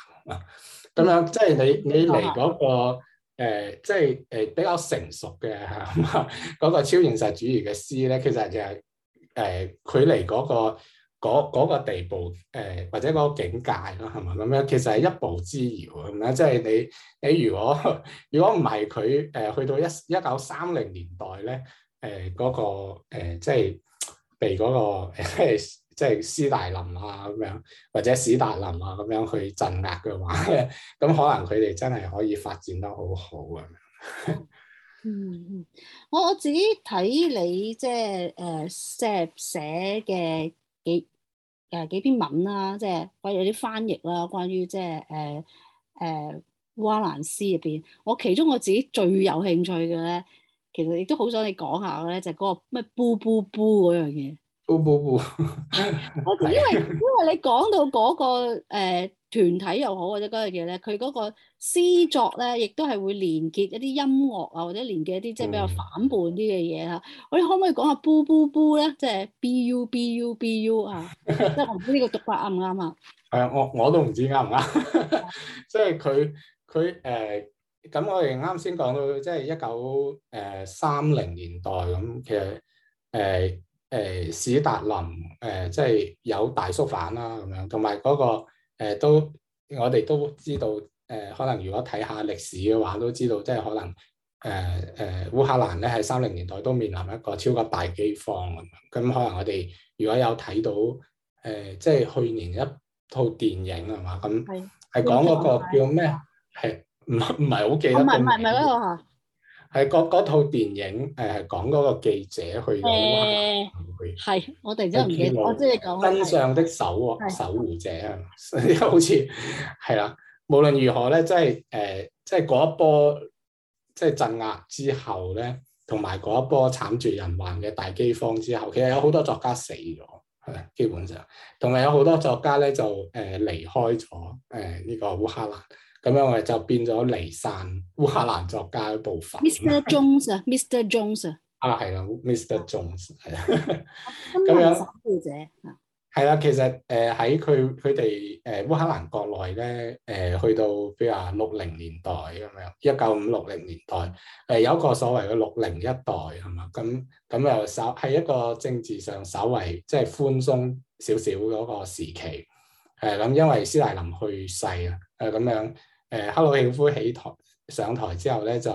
咁 樣即係、就是、你你嚟嗰、那個即係誒比較成熟嘅嚇，嗰、那個超現實主義嘅詩咧，其實就係、是、誒、呃、距離嗰、那個。嗰個地步誒、呃，或者嗰個境界咯，係咪咁樣？其實係一步之遙咁樣，即係你你如果如果唔係佢誒去到一一九三零年代咧，誒、呃、嗰、嗰個、呃、即係被嗰、嗰個即係即係斯大林啊咁樣，或者史達林啊咁樣去鎮壓嘅話咧，咁可能佢哋真係可以發展得好好啊！嗯嗯，我我自己睇你即係誒寫寫嘅。呃、舍舍幾誒、啊、幾篇文啦、啊，即係關於啲翻譯啦、啊，關於即係誒誒烏克蘭詩入邊，我其中我自己最有興趣嘅咧，其實亦都好想你講下嘅咧，就嗰、是、個咩唞唞唞嗰樣嘢。布布布，我哋因為因為你講到嗰、那個誒、呃、團體又好或者嗰樣嘢咧，佢嗰個詩作咧，亦都係會連結一啲音樂啊，或者連結一啲即係比較反叛啲嘅嘢嚇。我哋、嗯、可唔可以講下 b、就是、布布布咧？即係 B U B U B U 啊？即係 我唔知呢個讀法啱唔啱啊？係啊，我都對對、 呃、我都唔知啱唔啱。即係佢佢誒咁，我哋啱先講到即係一九誒三零年代咁，其實誒。呃誒史達林誒即係有大肅反啦咁樣，同埋嗰個，呃、都我哋都知道誒，呃，可能如果睇下歷史嘅話，都知道即係可能誒誒，呃呃，烏克蘭咧喺三零年代都面臨一個超級大饑荒咁樣。咁可能我哋如果有睇到誒，即，呃，係，就是，去年一套電影係嘛？咁係講嗰個叫咩？係唔唔係好記得？唔係唔係唔係係嗰套電影，誒講嗰個記者去。誒，係我哋真係唔記得，我知你講緊真相的守守護者係嘛？的 好似係啦。無論如何咧，即係誒，即係嗰一波即係、就是、鎮壓之後咧，同埋嗰一波慘絕人寰嘅大饑荒之後，其實有好多作家死咗，係基本上？同埋有好多作家咧就誒離開咗誒呢個烏克蘭。咁樣，我哋就變咗離散烏克蘭作家嘅部分。Mr. Jones 啊，Mr. Jones 啊，啊係啦，Mr. Jones 係啦，咁、 嗯、 樣。係啦、嗯，嗯、其實誒喺佢佢哋誒烏克蘭國內咧，誒、呃、去到譬如話六零年代咁樣，一九五六零年代誒、呃、有一個所謂嘅六零一代係嘛，咁咁又稍係一個政治上稍為即係寬鬆少少嗰個時期誒。咁、啊、因為斯大林去世啊，誒咁樣。誒，赫魯曉夫起台上台之後咧，就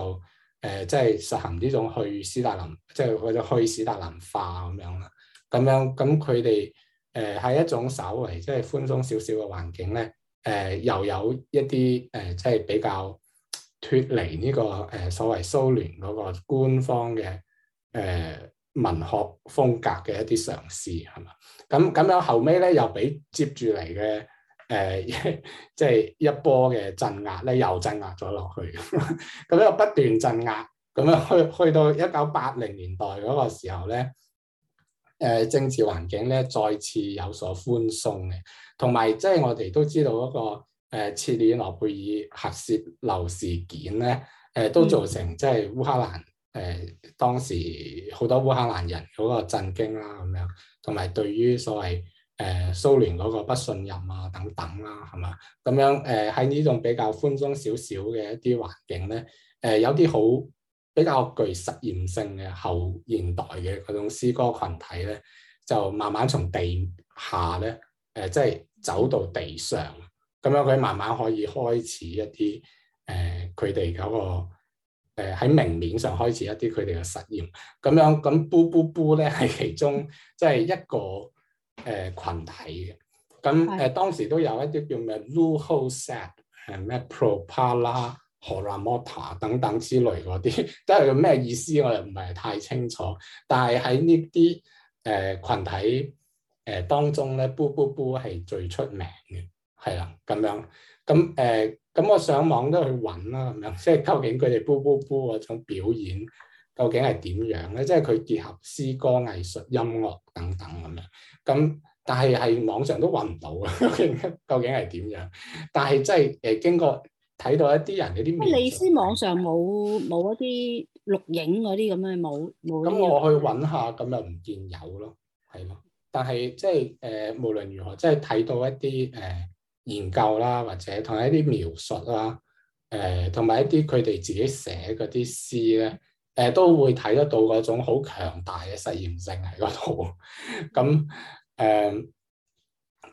誒即係實行呢種去斯大林，即係嗰種去斯大林化咁樣啦。咁樣咁佢哋誒係一種稍為即係、就是、寬鬆少少嘅環境咧。誒、呃、又有一啲誒即係比較脱離呢、這個誒、呃、所謂蘇聯嗰個官方嘅誒、呃、文學風格嘅一啲嘗試係嘛。咁咁樣後尾咧又俾接住嚟嘅。誒，即係、呃就是、一波嘅鎮壓咧，又鎮壓咗落去，咁 樣不斷鎮壓，咁樣去去到一九八零年代嗰個時候咧，誒、呃、政治環境咧再次有所寬鬆嘅，同埋即係我哋都知道嗰、那個誒切爾諾貝爾核泄漏事件咧，誒、呃、都造成即係烏克蘭誒、呃、當時好多烏克蘭人嗰個震驚啦、啊，咁樣，同埋對於所謂。誒、呃、蘇聯嗰個不信任啊，等等啦、啊，係嘛，咁樣誒喺呢種比較寬鬆少少嘅一啲環境咧，誒、呃、有啲好比較具實驗性嘅後現代嘅嗰種詩歌群體咧，就慢慢從地下咧誒、呃，即係走到地上，咁樣佢慢慢可以開始一啲誒佢哋嗰個喺、呃、明面上開始一啲佢哋嘅實驗，咁樣咁布布布咧係其中即係一個。 誒，群體嘅，咁誒，是的 當時都有一啲叫咩，luho set，誒，咩 propala 啦、uh，荷蘭摩托啊，等等之類嗰啲，即係咩意思，我又唔係太清楚。但係喺呢啲誒群體誒當中咧 bo bo bo 係最出名嘅，係啦，咁樣，咁誒，咁、呃、我上網都去揾啦，咁樣，即係究竟佢哋 bo bo bo 嗰種表演。究竟係點樣咧？即係佢結合詩歌、藝術、音樂等等咁樣。咁但係係網上都揾唔到啊！究竟究竟係點樣？但係即係誒，經過睇到一啲人嗰啲，咩你思？網上冇冇一啲錄影嗰啲咁樣冇冇？咁我去揾下，咁又唔見有咯，係咯。但係即係誒，無論如何，即係睇到一啲誒、呃、研究啦，或者同一啲描述啦，誒同埋一啲佢哋自己寫嗰啲詩咧。誒都會睇得到嗰種好強大嘅實驗性喺嗰度。咁誒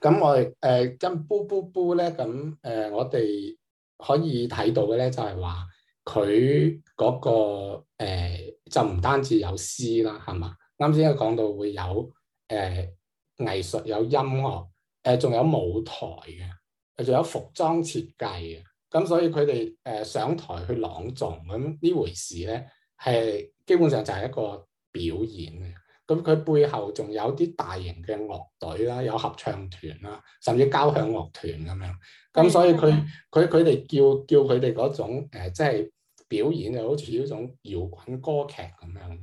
咁我哋誒因布布布咧，咁、呃、誒、呃、我哋可以睇到嘅咧就係話佢嗰個、呃、就唔單止有詩啦，係嘛，啱先講到會有誒、呃、藝術有音樂誒，仲、呃、有舞台嘅，仲有服裝設計嘅。咁、呃、所以佢哋誒上台去朗誦咁呢回事咧。係基本上就係一個表演嘅，咁佢背後仲有啲大型嘅樂隊啦，有合唱團啦，甚至交響樂團咁樣。咁所以佢佢佢哋叫叫佢哋嗰種誒，即係表演就好似呢種搖滾歌劇咁樣。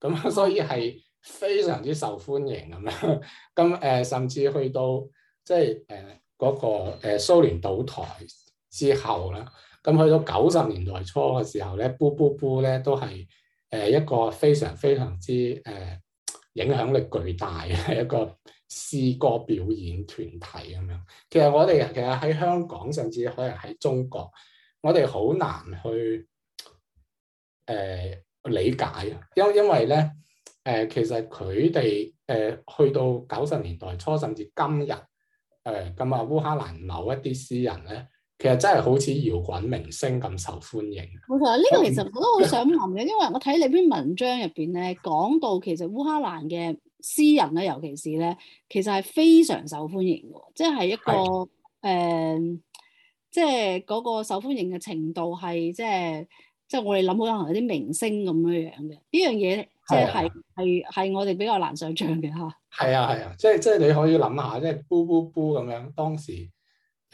咁所以係非常之受歡迎咁樣。咁誒，甚至去到即係誒嗰個誒蘇聯倒台之後咧。咁去到九十年代初嘅時候咧，布布布咧都係誒一個非常非常之誒、呃、影響力巨大嘅一個詩歌表演團體咁樣。其實我哋其實喺香港，甚至可能喺中國，我哋好難去誒、呃、理解，因為因為咧誒、呃、其實佢哋誒去到九十年代初，甚至今日誒咁啊烏克蘭某一啲詩人咧。其實真係好似搖滾明星咁受歡迎。冇錯，呢個其實我都好想問嘅，因為我睇你篇文章入邊咧，講到其實烏克蘭嘅詩人咧，尤其是咧，其實係非常受歡迎嘅，即係一個誒，即係嗰個受歡迎嘅程度係即係即係我哋諗可能有啲明星咁樣樣嘅呢樣嘢，即係係係我哋比較難想象嘅吓。係啊係啊，即係即係你可以諗下，即係咕咕咕咁樣當時。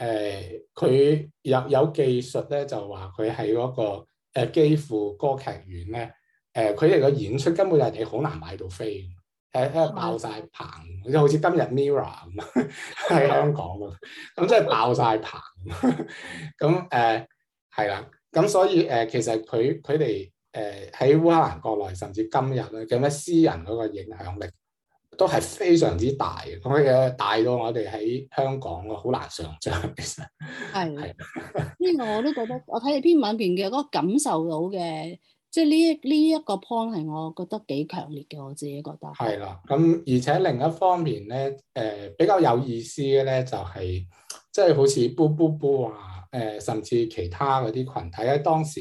誒佢、呃、有有技術咧，就話佢喺嗰個誒基輔歌劇院咧，誒佢哋個演出根本就係好難買到飛，誒、呃、誒爆晒棚，就好似今日 Mirror 咁 喺香港啊，咁真係爆晒棚，咁誒係啦，咁、呃、所以誒、呃、其實佢佢哋誒喺烏克蘭國內甚至今日咧，嘅咩私人嗰個影響力。都係非常之大嘅，咁嘅大到我哋喺香港好難想像，其實係係，呢個我都覺得我睇你篇文入邊嘅嗰個感受到嘅，即係呢一呢一個 point 係，我覺得幾強烈嘅，我自己覺得係啦。咁而且另一方面咧，誒、呃、比較有意思嘅咧，就係即係好似布布布啊，誒、呃，甚至其他嗰啲群體喺當時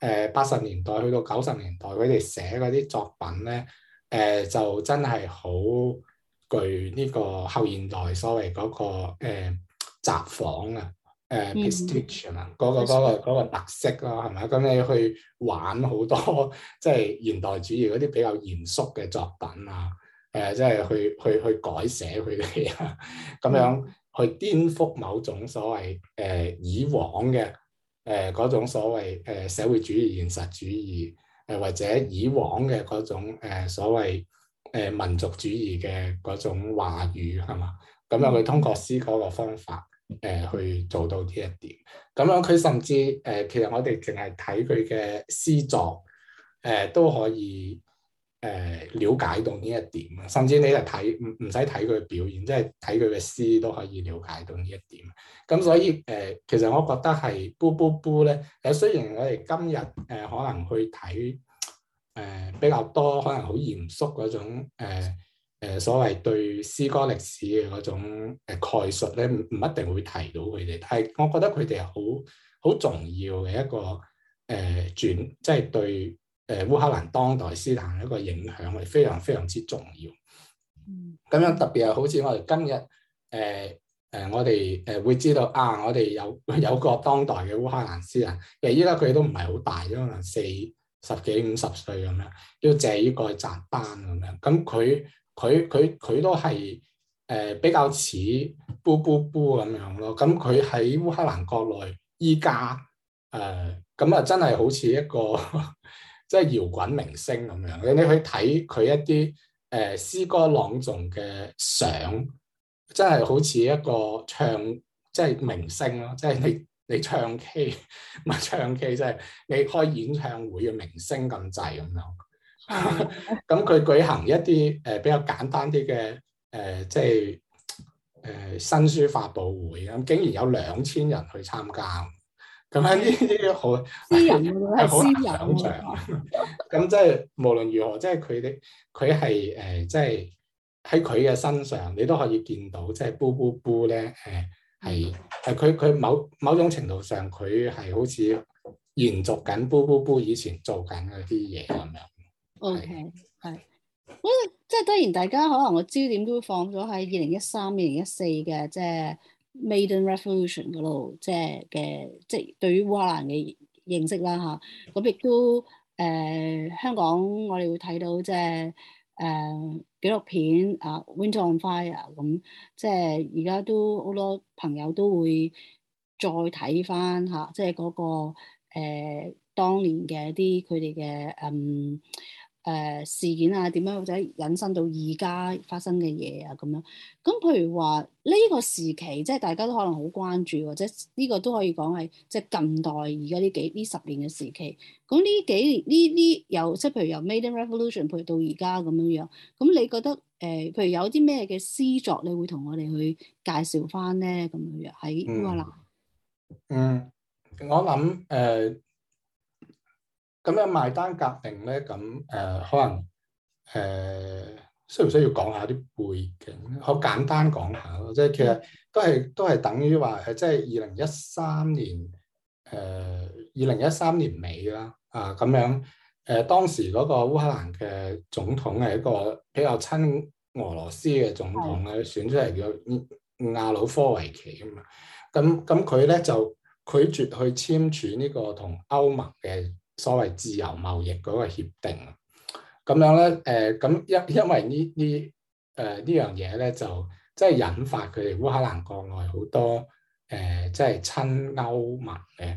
誒八十年代去到九十年代，佢哋寫嗰啲作品咧。誒、呃、就真係好具呢個後現代所謂嗰、那個誒、呃、雜房啊誒 pastiche 啊嗰個嗰、那個嗯、個特色咯係咪？咁你去玩好多即係、就是、現代主義嗰啲比較嚴肅嘅作品啊誒即係去去去改寫佢哋啊咁樣去顛覆某種所謂誒、呃、以往嘅誒嗰種所謂誒、呃、社會主義現實主義。誒或者以往嘅嗰種、呃、所謂誒、呃、民族主義嘅嗰種話語係嘛？咁樣佢通過詩嗰個方法誒、呃、去做到呢一點。咁樣佢甚至誒、呃、其實我哋淨係睇佢嘅詩作誒、呃、都可以。誒瞭、呃、解到呢一點，甚至你就睇唔唔使睇佢表演，即係睇佢嘅詩都可以了解到呢一點。咁所以誒、呃，其實我覺得係，噉噉噉咧誒，雖然我哋今日誒、呃、可能去睇誒、呃、比較多，可能好嚴肅嗰種誒、呃呃、所謂對詩歌歷史嘅嗰種誒概述咧，唔一定會提到佢哋，但係我覺得佢哋係好好重要嘅一個誒轉，即、呃、係、就是、對。誒烏克蘭當代詩壇嘅一個影響係非常非常之重要。咁樣特別係好似我哋今日誒誒，我哋誒、呃、會知道啊，我哋有有個當代嘅烏克蘭詩人，其實依家佢都唔係好大啫，可能四十幾五十歲咁樣，樣都借依個扎丹咁樣。咁佢佢佢佢都係誒比較似布布布咁樣咯。咁佢喺烏克蘭國內依家誒咁啊，呃、真係好似一個 ～即係搖滾明星咁樣，你你可以睇佢一啲誒、呃、詩歌朗誦嘅相，真係好似一個唱即係明星咯、啊，即係你你唱 K 唔係 唱 K，即係你開演唱會嘅明星咁滯咁樣。咁 佢舉行一啲誒、呃、比較簡單啲嘅誒，即係誒、呃、新書發布會，咁竟然有兩千人去參加。咁呢啲好私人，好 難想象。咁即係，無論如何，即係佢哋，佢係誒，即係喺佢嘅身上，你都可以見到，即係，噉噉噉咧，誒，係係佢佢某某種程度上，佢係好似延續緊噉噉噉以前做緊嗰啲嘢咁樣。OK，係，咁、okay。即係當然，大家可能個焦點都放咗喺二零一三、二零一四嘅，即係。Maiden Revolution 嗰度，即係嘅，即係對於烏克蘭嘅認識啦吓，咁亦都誒、呃，香港我哋會睇到即係誒紀錄片啊《Winter on Fire》咁，即係而家都好多朋友都會再睇翻吓，即係嗰個誒、呃、當年嘅一啲佢哋嘅嗯。誒、呃、事件啊，點樣或者引申到而家發生嘅嘢啊，咁樣咁，譬如話呢、呢個時期，即係大家都可能好關注、啊，或者呢個都可以講係即係近代而家呢幾呢十年嘅時期。咁呢幾呢啲有即係譬如由 Maidan Revolution 配到而家咁樣樣。咁你覺得誒、呃，譬如有啲咩嘅詩作，你會同我哋去介紹翻咧，咁樣樣喺烏克蘭，嗯，我諗誒。呃咁樣邁丹革命咧，咁誒、呃，可能誒、呃，需唔需要講下啲背景？好簡單講下咯，即係其實都係都係等於話，係即係二零一三年誒，二零一三年尾啦，啊咁樣誒、呃，當時嗰個烏克蘭嘅總統係一個比較親俄羅斯嘅總統咧，嗯、選出嚟叫亞魯科維奇啊嘛，咁咁佢咧就拒絕去簽署呢個同歐盟嘅。所謂自由貿易嗰個協定，咁樣咧，誒、呃，咁因因為、呃、呢呢誒呢樣嘢咧，就即係引發佢哋烏克蘭國內好多誒，即、呃、係親歐盟嘅誒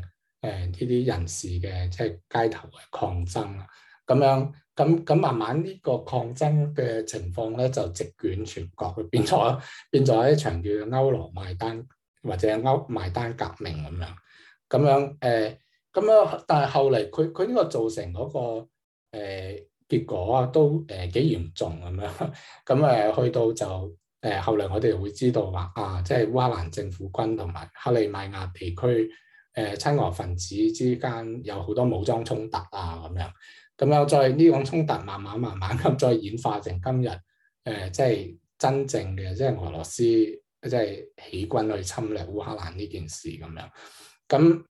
呢啲人士嘅，即係街頭嘅抗爭啦，咁樣，咁咁慢慢呢個抗爭嘅情況咧，就席捲全國，變咗變咗一場叫歐羅買單或者歐買單革命咁樣，咁樣誒。呃咁啊！但係後嚟佢佢呢個造成嗰個誒、呃、結果啊，都誒幾、呃、嚴重咁樣，樣。咁誒去到就誒、呃、後嚟，我哋會知道話啊，即、就、係、是、烏克蘭政府軍同埋克里米亞地區誒、呃、親俄分子之間有好多武裝衝突啊咁樣。咁又再呢種衝突慢慢慢慢咁再演化成今日誒即係真正嘅即係俄羅斯即係、就是、起軍去侵略烏克蘭呢件事咁樣。咁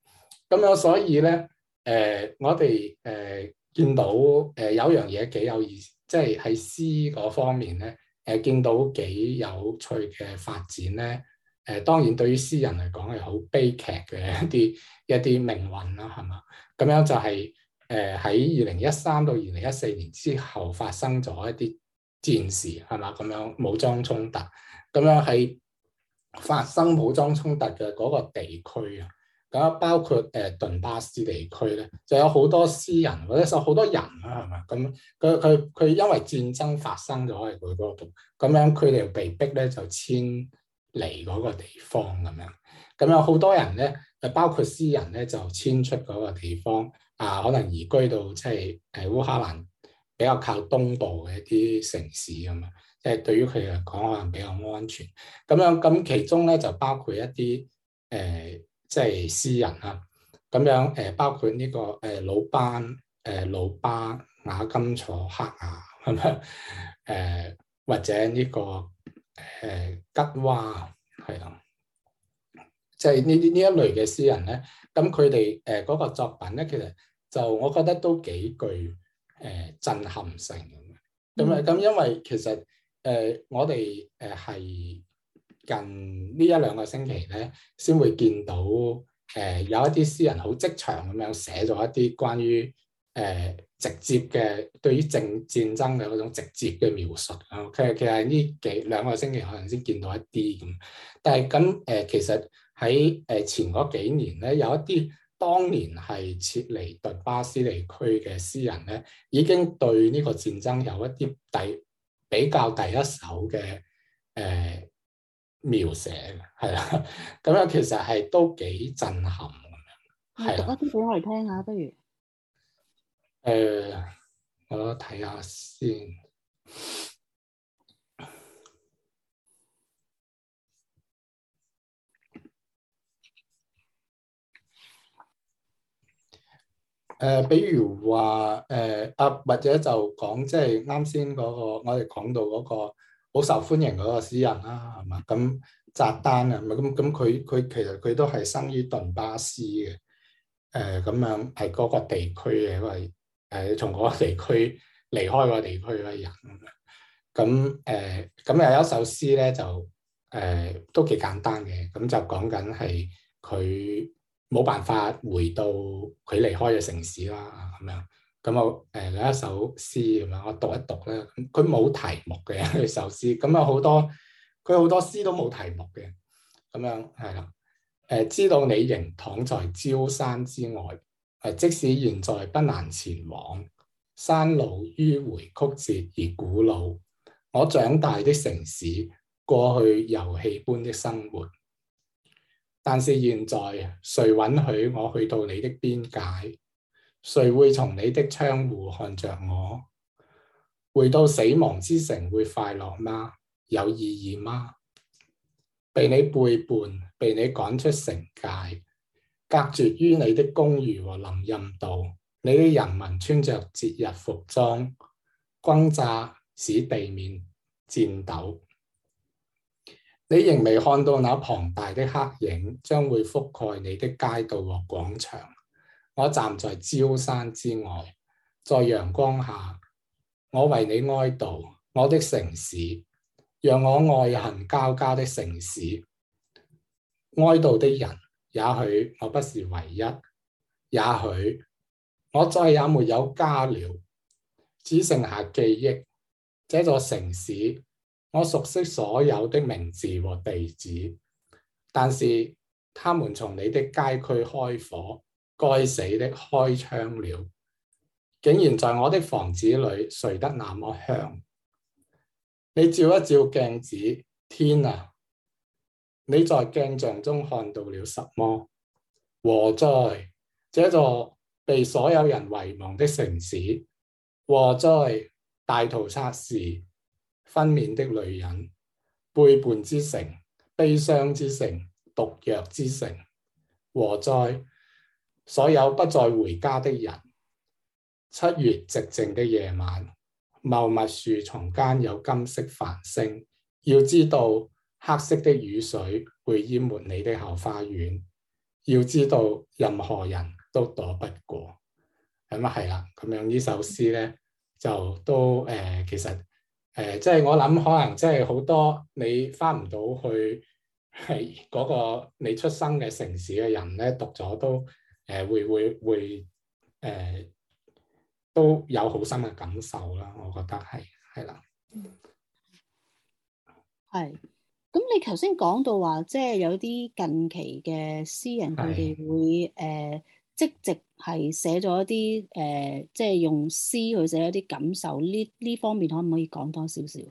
咁樣所以咧，誒、呃、我哋誒、呃、見到誒、呃、有樣嘢幾有意思，即係喺詩嗰方面咧，誒、呃、見到幾有趣嘅發展咧。誒、呃、當然對於詩人嚟講係好悲劇嘅一啲一啲命運啦，係嘛？咁樣就係誒喺二零一三到二零一四年之後發生咗一啲戰事，係嘛？咁樣武裝衝突，咁樣喺發生武裝衝突嘅嗰個地區啊。咁包括誒頓巴斯地區咧，就有好多私人或者好多人啦，係咪？咁佢佢佢因為戰爭發生咗喺佢嗰度，咁樣佢哋被逼咧就遷離嗰個地方咁樣。咁有好多人咧，就包括私人咧就遷出嗰個地方啊，可能移居到即係誒烏克蘭比較靠東部嘅一啲城市咁啊，即係、就是、對於佢哋嚟講可能比較安全。咁樣咁其中咧就包括一啲誒。呃即係詩人啦、啊，咁樣誒、呃，包括呢、這個誒魯、呃、班、誒魯芭、雅金楚克啊，係咪誒？或者呢、這個誒、呃、吉娃係啦，即係呢呢呢一類嘅詩人咧，咁佢哋誒嗰個作品咧，其實就我覺得都幾具誒、呃、震撼性嘅。咁啊，咁因為其實誒、呃、我哋誒係。呃近呢一兩個星期咧，先會見到誒、呃、有一啲詩人好即場咁樣寫咗一啲關於誒、呃、直接嘅對於正戰爭嘅嗰種直接嘅描述。佢、okay? 其實呢幾兩個星期可能先見到一啲咁，但係咁誒其實喺誒、呃、前嗰幾年咧，有一啲當年係撤離頓巴斯地區嘅詩人咧，已經對呢個戰爭有一啲第比較第一手嘅誒。呃描寫嘅，係啦，咁樣其實係都幾震撼咁樣，係啦，講啲俾我嚟聽下，不如？誒、呃，我睇下先。誒、呃，比如話，誒、呃，阿或者就講，即係啱先嗰個，我哋講到嗰、那個。好受歡迎嗰個詩人啦，係嘛？咁扎丹啊，咁咁佢佢其實佢都係生於頓巴斯嘅。誒、呃、咁樣係嗰個地區嘅，因為誒從嗰個地區離開個地區嘅人咁誒，咁、呃、有一首詩咧就誒、呃、都幾簡單嘅，咁就講緊係佢冇辦法回到佢離開嘅城市啦，咁樣。咁我誒有一首詩咁啊，我讀一讀咧。佢冇題目嘅一首詩，咁、嗯、有好多佢好多詩都冇題目嘅咁樣係啦。誒、嗯，知道你仍躺在焦山之外，誒，即使現在不難前往，山路迂回曲折而古老。我長大的城市，過去遊戲般的生活，但是現在誰允許我去到你的邊界？誰會從你的窗戶看着我？回到死亡之城會快樂嗎？有意義嗎？被你背叛，被你趕出城界，隔絕於你的公寓和林蔭道，你的人民穿着節日服裝，轟炸使地面顫抖。你仍未看到那龐大的黑影，將會覆蓋你的街道和廣場。我站在焦山之外，在陽光下，我為你哀悼我的城市，讓我愛恨交加的城市。哀悼的人，也許我不是唯一，也許我再也沒有家了，只剩下記憶。這座城市，我熟悉所有的名字和地址，但是他們從你的街區開火。該死的開槍了，竟然在我的房子裏睡得那麼香。你照一照鏡子，天啊！你在鏡像中看到了什麼？禍哉，這座被所有人遺忘的城市，禍哉，大屠殺時分娩的女人，背叛之城、悲傷之城、毒藥之城，禍哉。所有不再回家的人，七月寂靜嘅夜晚，茂密樹叢間有金色繁星。要知道黑色的雨水會淹沒你的後花園。要知道任何人都躲不過。咁啊係啦，咁樣呢首詩咧就都誒、呃，其實誒，即、呃、係、就是、我諗可能即係好多你翻唔到去係嗰、那個你出生嘅城市嘅人咧，讀咗都。誒會會會誒、呃、都有好深嘅感受啦，我覺得係係啦，係。咁你頭先講到話，即係有啲近期嘅詩人，佢哋的會誒積極係寫咗一啲誒，即係、呃、用詩去寫一啲感受。呢呢方面可唔可以講多少少？誒、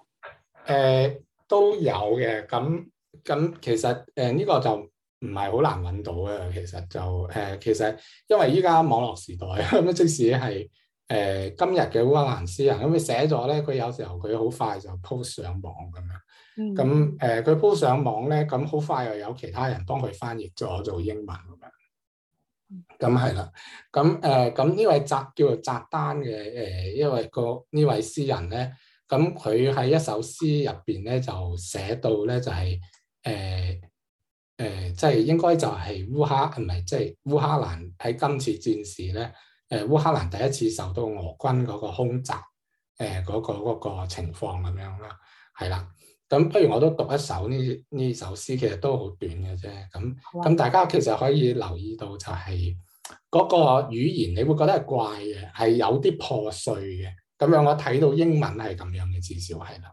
呃、都有嘅，咁咁其實誒呢、呃呢個就。唔係好難揾到啊！其實就誒、呃，其實因為依家網絡時代，咁 即使係誒、呃、今日嘅烏克蘭詩人咁，佢、嗯、寫咗咧，佢有時候佢好快就 post 上網咁樣。咁誒、嗯，佢、呃、post 上網咧，咁好快又有其他人幫佢翻譯咗做英文咁樣。咁係啦。咁誒、嗯，咁呢、啊呃、位扎叫做扎丹嘅誒，一、呃、位個呢位詩人咧，咁佢喺一首詩入邊咧就寫到咧，就係、是、誒。呃誒，即係、呃就是、應該就係烏克，唔係即係烏克蘭喺今次戰事咧，誒、呃、烏克蘭第一次受到俄軍嗰個空襲，誒、呃、嗰、那個那個情況咁樣啦，係啦。咁不如我都讀一首呢呢首詩，其實都好短嘅啫。咁咁大家其實可以留意到就係、是、嗰、那個語言，你會覺得係怪嘅，係有啲破碎嘅。咁樣我睇到英文係咁樣嘅，至少係啦。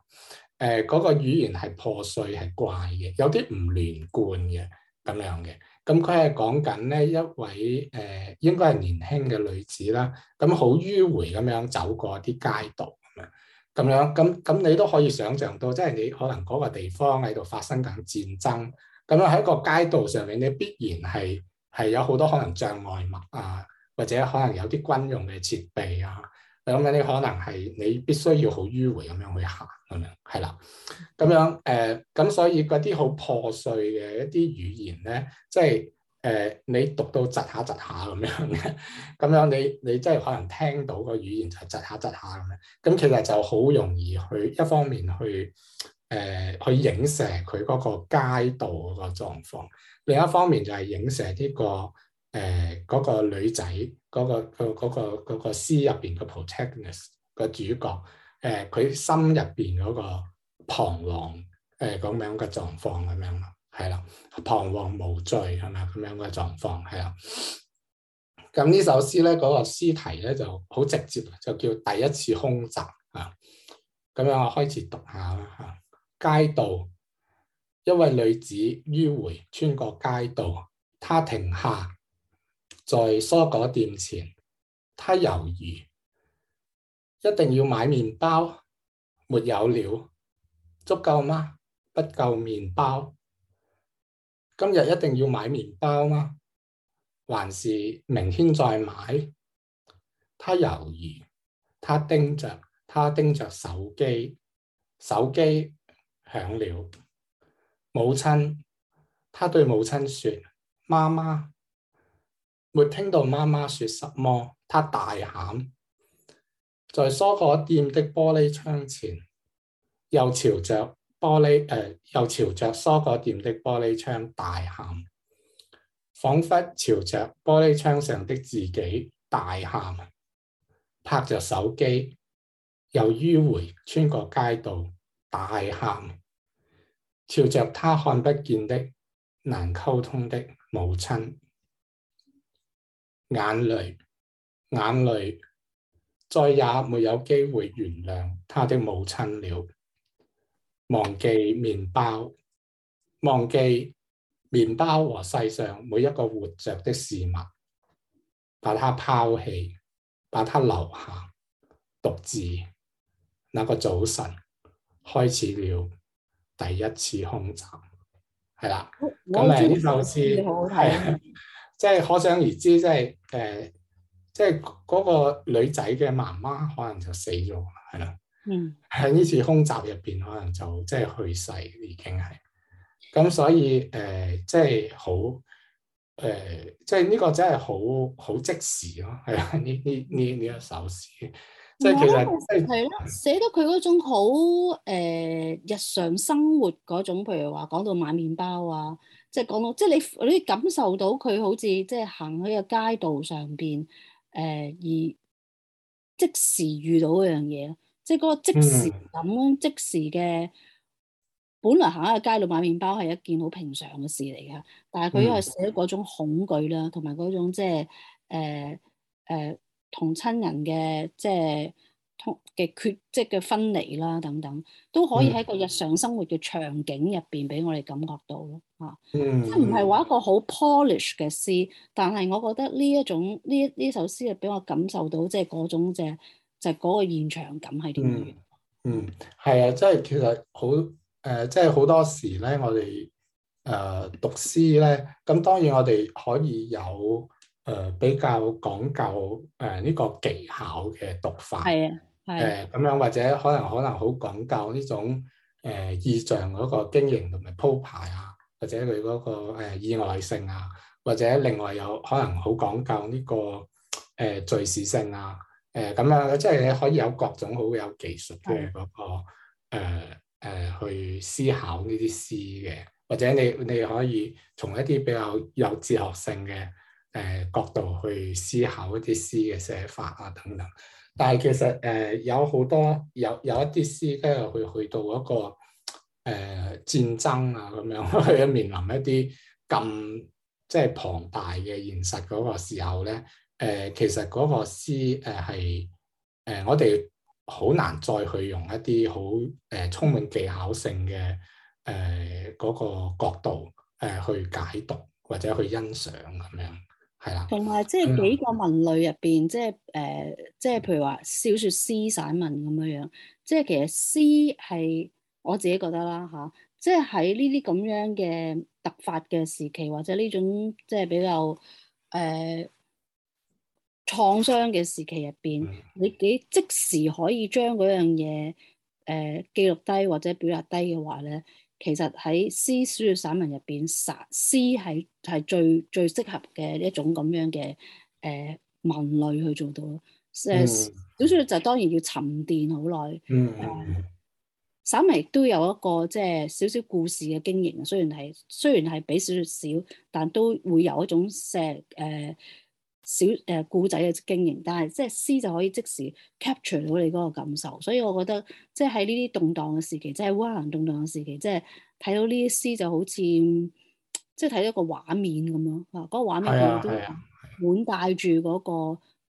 誒嗰、呃那個語言係破碎係怪嘅，有啲唔連貫嘅咁樣嘅。咁佢係講緊呢一位誒、呃、應該係年輕嘅女子啦。咁、嗯、好迂迴咁樣走過啲街道咁樣。咁、嗯、咁、嗯、你都可以想像到，即係你可能嗰個地方喺度發生緊戰爭。咁樣喺個街道上面你必然係係有好多可能障礙物啊，或者可能有啲軍用嘅設備啊。咁樣你可能係你必須要好迂迴咁樣去行咁樣，係、呃、啦，咁樣誒，咁所以嗰啲好破碎嘅一啲語言咧，即係誒、呃，你讀到窒下窒下咁樣，咁樣你你即係可能聽到個語言就係窒下窒下咁樣，咁其實就好容易去一方面去誒、呃、去影射佢嗰個街道個狀況，另一方面就係影射呢、這個。誒、嗰、呃那個女仔，嗰、那個、那個嗰、那個詩入邊嘅 protagonist 個主角，誒、呃、佢心入邊嗰個彷徨，誒講咩咁嘅狀況咁樣咯，係啦，彷徨無罪係咪咁樣嘅狀況？係啦。咁呢首詩咧，嗰、那個詩題咧就好直接，就叫《第一次空襲》啊。咁樣我開始讀下啦嚇、啊，街道，一位女子迂迴穿過街道，她停下。在蔬果店前，他猶豫，一定要買麵包，沒有了，足夠嗎？不夠麵包，今日一定要買麵包嗎？還是明天再買？他猶豫，他盯着，他盯着手機，手機響了，母親，他對母親說：媽媽。沒聽到媽媽說什麼，他大喊，在蔬果店的玻璃窗前，又朝着玻璃、呃、又朝着蔬果店的玻璃窗大喊，仿佛朝着玻璃窗上的自己大喊，拍着手機，又迂回穿過街道大喊，朝着他看不見的難溝通的母親。眼淚，眼淚，再也沒有機會原諒他的母親了。忘記麵包，忘記麵包和世上每一個活着的事物，把他拋棄，把他留下，獨自。那個早晨開始了第一次空襲，係啦。咁嚟呢首詩係。我的即係可想而知，即係誒，即係嗰個女仔嘅媽媽可能就死咗，係啦，嗯，喺呢次空襲入邊可能就即係去世已經係。咁所以誒，即係好誒，即係呢個真係好好即時咯，係啊，呢呢呢呢一首詩，即係其實係咯，寫得佢嗰種好誒日常生活嗰種，譬如話講到買麵包啊。即係講到，即、就、係、是、你你感受到佢好似即係行喺個街道上邊，誒、呃、而即時遇到嘅樣嘢即係嗰個即時感、mm hmm. 即時嘅，本來行喺個街道買麵包係一件好平常嘅事嚟嘅，但係佢因為寫嗰種恐懼啦，同埋嗰種即係誒誒同親人嘅即係。嘅缺即嘅分離啦，等等都可以喺個日常生活嘅場景入邊俾我哋感覺到咯嚇，即係唔係話一個好 polish 嘅詩，但係我覺得呢一種呢呢首詩係俾我感受到即係嗰種嘅就嗰、係、個現場感係點樣、嗯？嗯嗯，係啊，即係其實好誒、呃，即係好多時咧，我哋誒、呃、讀詩咧，咁當然我哋可以有誒、呃、比較講究誒呢、呃這個技巧嘅讀法。係啊。誒，咁樣或者可能可能好講究呢種誒、呃、意象嗰個經營同埋鋪排啊，或者佢嗰、那個誒、呃、意外性啊，或者另外有可能好講究呢、這個誒敘、呃、事性啊，誒、呃、咁樣即係你可以有各種好有技術嘅嗰、那個誒誒的、呃呃、去思考呢啲詩嘅，或者你你可以從一啲比較有哲學性嘅誒、呃、角度去思考一啲詩嘅寫法啊等等。但係其實誒、呃、有好多有有一啲詩，跟住佢去到一、那個誒、呃、戰爭啊咁樣，去面臨一啲咁即係龐大嘅現實嗰個時候咧，誒、呃、其實嗰個詩誒係、呃呃、我哋好難再去用一啲好誒充滿技巧性嘅誒嗰個角度誒、呃、去解讀或者去欣賞咁樣。係啦，同埋即係幾個文類入邊、嗯呃，即係誒，即係譬如話小說、詩、散文咁樣樣，即係其實詩係我自己覺得啦吓、啊，即係喺呢啲咁樣嘅突發嘅時期，或者呢種即係比較誒創傷嘅時期入邊，嗯、你幾即時可以將嗰樣嘢誒、呃、記錄低或者表達低嘅話咧。其實喺詩、書、散文入邊，詩係係最最適合嘅一種咁樣嘅誒、呃、文類去做到咯。誒、呃，小說就當然要沉澱好耐。呃、嗯。散文亦都有一個即係少少故事嘅經營，雖然係雖然係比小說少，但都會有一種寫誒。呃小誒故仔嘅經營，但係即係詩就可以即時 capture 到你嗰個感受，所以我覺得即係喺呢啲動盪嘅時期，即係烏克蘭動盪嘅時期，即係睇到呢啲詩就好似即係睇到一個畫面咁樣嚇，嗰、啊那個、畫面都滿帶住嗰個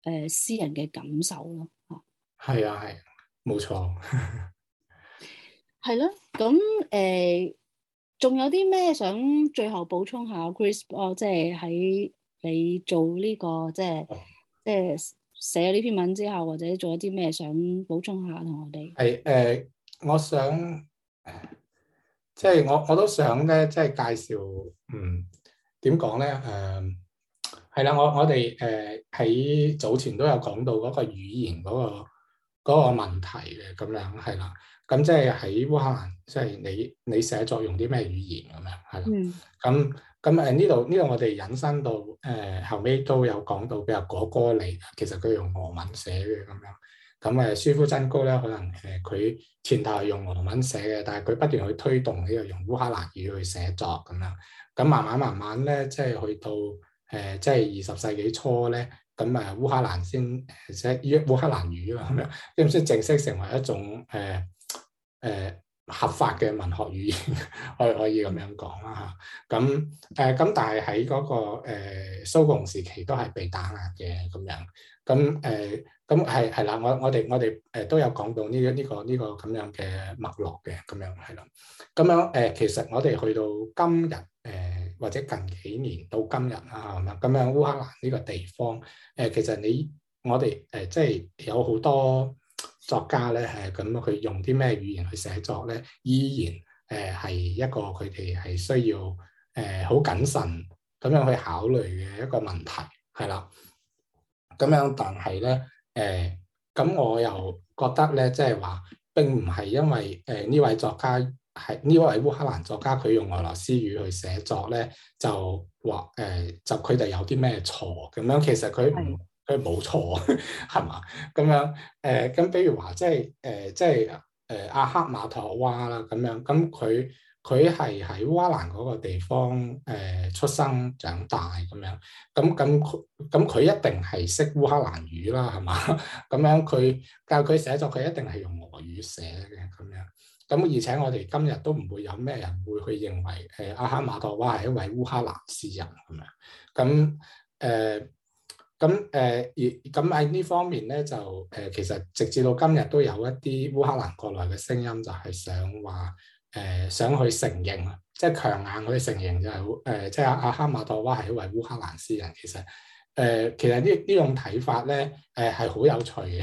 誒詩人嘅感受咯嚇。係啊係，冇、啊啊啊啊、錯。係 咯、啊，咁誒仲有啲咩想最後補充下，Chris 哥、啊、即係喺？你做呢、這個即係即係寫咗呢篇文之後，或者做咗啲咩想補充下同我哋？係誒、呃，我想即係我我都想咧，即係介紹嗯點講咧誒係啦，我我哋誒喺早前都有講到嗰個語言嗰、那個。嗰個問題嘅咁樣係啦，咁即係喺烏克蘭，即係你你寫作用啲咩語言咁樣係啦，咁咁誒呢度呢度我哋引申到誒、呃、後尾都有講到比哥哥，譬如果戈里其實佢用俄文寫嘅咁樣，咁、嗯、誒舒夫真高咧，可能誒佢前頭係用俄文寫嘅，但係佢不斷去推動呢個用烏克蘭語去寫作咁樣，咁慢慢慢慢咧，即係去到誒即係二十世紀初咧。咁啊烏克蘭先即係烏克蘭語啊咁樣，先正式成為一種誒誒、呃呃、合法嘅文學語言，可以可以咁樣講啦嚇。咁誒咁，但係喺嗰個誒、呃、蘇共時期都係被打壓嘅咁樣。咁誒。呃咁係係啦，我我哋我哋誒都有講到呢、呢個呢、呢個呢、呢個咁、這個、樣嘅脈絡嘅，咁樣係咯。咁樣誒，其實我哋去到今日誒、呃，或者近幾年到今日啊咁樣，咁樣烏克蘭呢個地方誒、呃，其實你我哋誒、呃、即係有好多作家咧，係咁去用啲咩語言去寫作咧，依然誒係、呃、一個佢哋係需要誒好謹慎咁樣去考慮嘅一個問題，係啦。咁樣但係咧。誒，咁、呃、我又覺得咧，即係話，並唔係因為誒呢位作家係呢位烏克蘭作家，佢用俄羅斯語去寫作咧，就話誒、呃，就佢哋有啲咩錯咁樣？其實佢佢冇錯，係嘛的？咁 樣誒，咁、呃、比如話即係誒，即係誒阿克馬托娃啦，咁樣咁佢。佢係喺烏克蘭嗰個地方誒、呃、出生長大咁樣，咁咁佢咁佢一定係識烏克蘭語啦，係嘛？咁樣佢教佢寫作，佢一定係用俄語寫嘅咁樣。咁而且我哋今日都唔會有咩人會去認為誒阿、呃、哈馬托娃係一位烏克蘭詩人咁樣。咁誒咁誒而咁喺呢方面咧，就誒、呃、其實直至到今日都有一啲烏克蘭國內嘅聲音就係想話，誒、呃，想去承認，即係強硬去承認就係、是、好、呃，即係阿阿哈馬托娃係一位烏克蘭詩人。其實，誒、呃，其實呢呢種睇法咧，誒係好有趣嘅。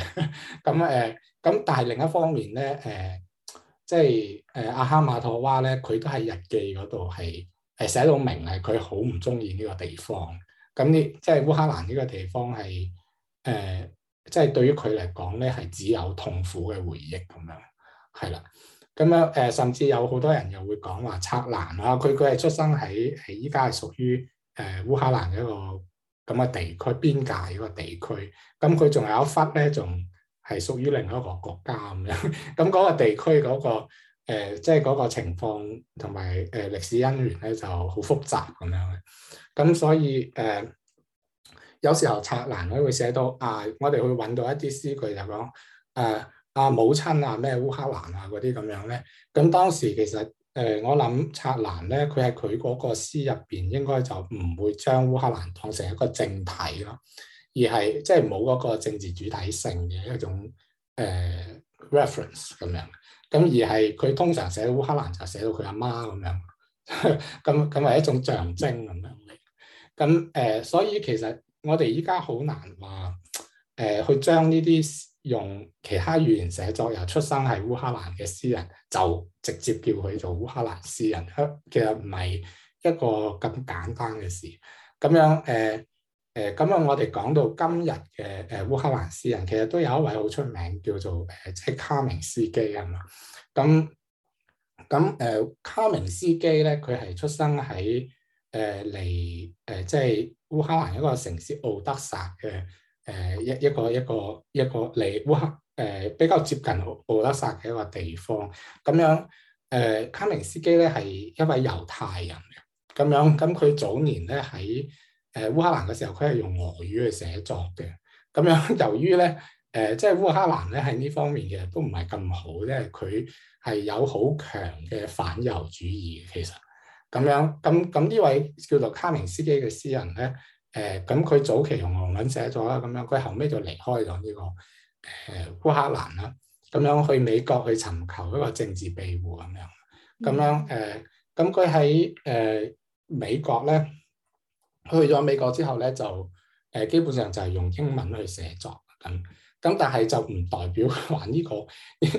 咁誒，咁但係另一方面咧，誒、呃，即係誒阿哈馬托娃咧，佢都喺日記嗰度係係寫到明係佢好唔中意呢個地方。咁呢，即係烏克蘭呢個地方係誒、呃，即係對於佢嚟講咧係只有痛苦嘅回憶咁樣，係啦。咁樣誒，甚至有好多人又會講話策蘭啦。佢佢係出生喺係依家係屬於誒烏克蘭嘅一個咁嘅地區邊界嗰個地區。咁佢仲有一忽咧，仲係屬於另一個國家咁樣。咁嗰、那個地區嗰個即係嗰個情況同埋誒歷史因緣咧，就好複雜咁樣嘅。咁所以誒、呃，有時候策蘭咧會寫到啊，我哋會揾到一啲詩句就講誒。啊，母親啊，咩烏克蘭啊嗰啲咁樣咧？咁當時其實誒、呃，我諗策蘭咧，佢係佢嗰個詩入邊應該就唔會將烏克蘭當成一個政體咯，而係即係冇嗰個政治主體性嘅一種誒、呃、reference 咁樣。咁而係佢通常寫到烏克蘭就寫到佢阿媽咁樣，咁咁係一種象徵咁樣嚟。咁誒、呃，所以其實我哋依家好難話誒、呃、去將呢啲。用其他語言寫作，又出生係烏克蘭嘅詩人，就直接叫佢做烏克蘭詩人。其實唔係一個咁簡單嘅事。咁樣誒誒，咁、呃、樣我哋講到今日嘅誒烏克蘭詩人，其實都有一位好出名，叫做誒即係卡明斯基啊嘛。咁咁誒卡明斯基咧，佢係出生喺誒嚟誒，即、呃、係、呃就是、烏克蘭一個城市奧德薩嘅。誒一一個一個一個嚟烏克誒、呃、比較接近奧德薩嘅一個地方，咁樣誒、呃、卡明斯基咧係一位猶太人嘅，咁樣咁佢早年咧喺誒烏克蘭嘅時候，佢係用俄語去寫作嘅，咁樣由於咧誒即係烏克蘭咧喺呢方面嘅都唔係咁好即係，佢係有好強嘅反猶主義嘅，其實咁樣咁咁呢位叫做卡明斯基嘅詩人咧。誒咁佢早期用俄文寫作啦，咁樣佢後尾就離開咗呢、這個誒烏、呃、克蘭啦，咁樣去、呃呃、美國去尋求一個政治庇護咁樣，咁樣誒咁佢喺誒美國咧，去咗美國之後咧就誒、呃、基本上就係用英文去寫作咁，咁但係就唔代表話呢、這個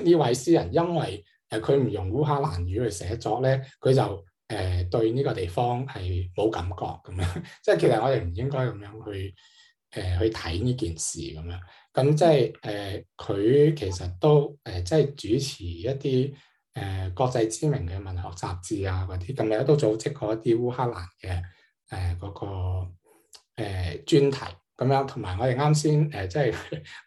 呢位詩人因為誒佢唔用烏克蘭語去寫作咧，佢就。誒對呢個地方係冇感覺咁樣，即 係其實我哋唔應該咁樣去誒、呃、去睇呢件事咁樣。咁即係誒佢其實都誒即係主持一啲誒、呃、國際知名嘅文學雜誌啊嗰啲，近年都組織過一啲烏克蘭嘅誒嗰個誒專、呃、題咁樣，同埋我哋啱先誒即係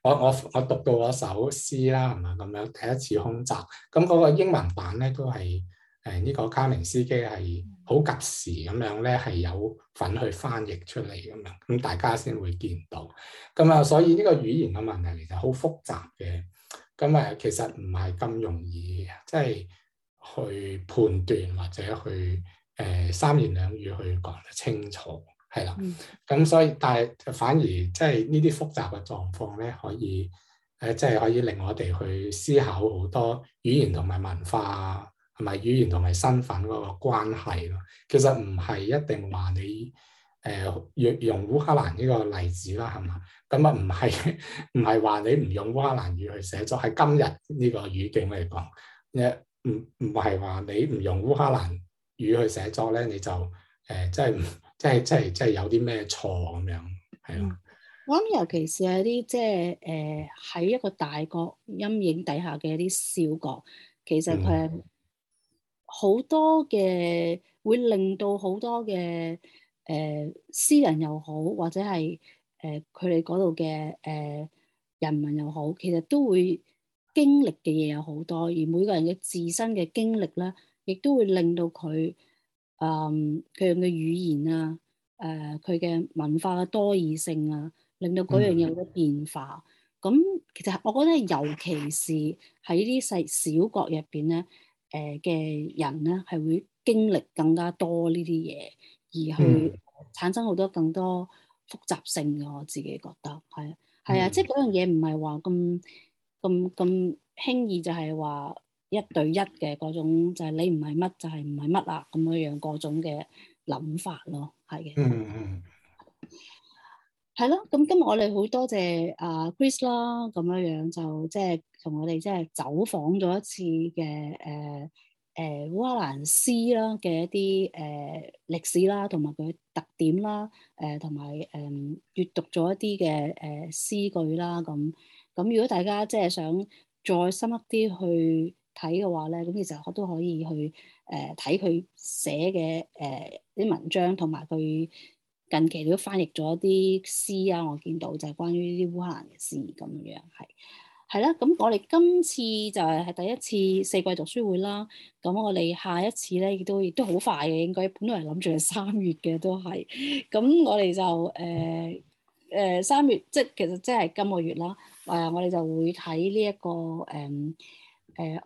我我我讀到嗰首詩啦，係咪咁樣睇一次空襲？咁、那、嗰個英文版咧都係。誒呢個卡明斯基係好及時咁樣咧，係有份去翻譯出嚟咁樣，咁大家先會見到。咁啊，所以呢個語言嘅問題其實好複雜嘅，咁啊其實唔係咁容易，即係去判斷或者去誒三言兩語去講得清楚，係啦。咁、嗯、所以但係反而即係呢啲複雜嘅狀況咧，可以誒即係可以令我哋去思考好多語言同埋文化。同埋語言同埋身份嗰個關係咯。其實唔係一定話你誒用、呃、用烏克蘭呢個例子啦，係嘛？咁啊唔係唔係話你唔用烏克蘭語去寫作，係今日呢個語境嚟講，一唔唔係話你唔用烏克蘭語去寫作咧，你就誒即係即係即係即係有啲咩錯咁樣係咯。咁、我諗、尤其是係啲即係誒喺一個大國陰影底下嘅一啲小國，其實佢。嗯好多嘅會令到好多嘅誒、呃、私人又好，或者係誒佢哋嗰度嘅誒人民又好，其實都會經歷嘅嘢有好多，而每個人嘅自身嘅經歷咧，亦都會令到佢誒佢用嘅語言啊、誒佢嘅文化嘅多義性啊，令到嗰樣嘢嘅變化。咁、嗯、其實我覺得尤其是喺呢啲細小國入邊咧。誒嘅、呃、人咧，係會經歷更加多呢啲嘢，而去產生好多更多複雜性嘅。我自己覺得係，係啊，嗯、即係嗰樣嘢唔係話咁咁咁輕易，就係話一對一嘅嗰種就就是是，就係你唔係乜就係唔係乜啊咁樣樣嗰種嘅諗法咯，係嘅、嗯。嗯嗯。係咯，咁今日我哋好多謝阿 Chris 啦，咁樣樣就即係同我哋即係走訪咗一次嘅誒誒瓦蘭斯啦嘅一啲誒、呃、歷史啦，同埋佢嘅特點啦，誒同埋誒閱讀咗一啲嘅誒詩句啦。咁咁如果大家即係想再深刻啲去睇嘅話咧，咁其實我都可以去誒睇佢寫嘅誒啲文章同埋佢。近期都翻譯咗啲詩啊，我見到就係關於呢啲烏克蘭嘅詩咁樣，係係啦。咁我哋今次就係係第一次四季讀書會啦。咁我哋下一次咧亦都亦都好快嘅，應該本來都諗住係三月嘅都係。咁 我哋就誒誒、呃呃、三月，即係其實即係今個月啦。誒、呃、我哋就會睇呢一個誒誒、嗯呃、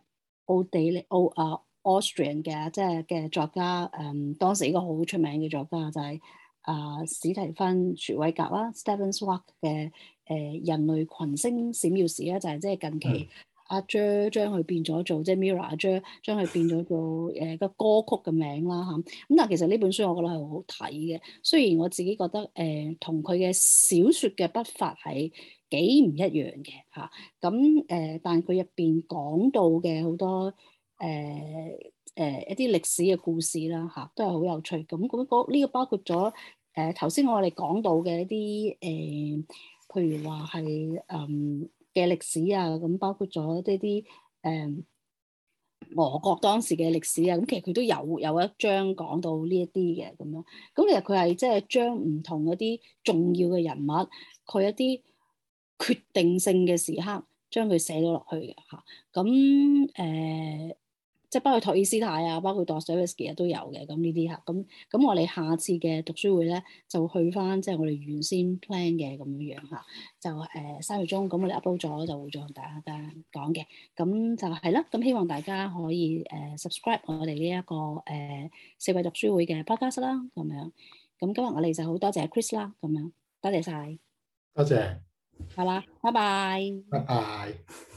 奧地利奧啊 Austrian 嘅即係嘅作家，誒、嗯、當時一個好出名嘅作家就係、是。啊，史提芬褚威格啦 Stefan Zweig 嘅誒、呃、人類群星閃耀時咧，就係即係近期的阿 Jer、er、將佢變咗做，即、就、係、是、Mirror 阿、啊、Jer、er、將佢變咗做誒個歌曲嘅名啦嚇。咁、啊、但係其實呢本書我覺得係好好睇嘅，雖然我自己覺得誒同佢嘅小説嘅筆法係幾唔一樣嘅嚇。咁、啊、誒、啊，但係佢入邊講到嘅好多誒誒、啊啊、一啲歷史嘅故事啦嚇、啊，都係好有趣。咁咁呢個包括咗。誒頭先我哋講到嘅一啲誒、呃，譬如話係誒嘅歷史啊，咁包括咗呢啲誒俄國當時嘅歷史啊，咁其實佢都有有一章講到呢一啲嘅咁樣，咁其實佢係即係將唔同一啲重要嘅人物，佢一啲決定性嘅時刻，將佢寫咗落去嘅嚇，咁、啊、誒。嗯嗯即係包括托爾斯泰啊，包括 Dostoevsky 啊都有嘅，咁呢啲吓，咁咁我哋下次嘅讀書會咧就去翻即係我哋原先 plan 嘅咁樣嚇，就誒、呃、三月中咁我哋 upload 咗就會再同大家講嘅，咁就係啦，咁希望大家可以誒 subscribe 我哋呢一個誒、呃、四季讀書會嘅 podcast 啦，咁樣，咁今日我哋就好多謝 Chris 啦，咁樣，多謝晒，多謝，好啦，拜拜，拜拜。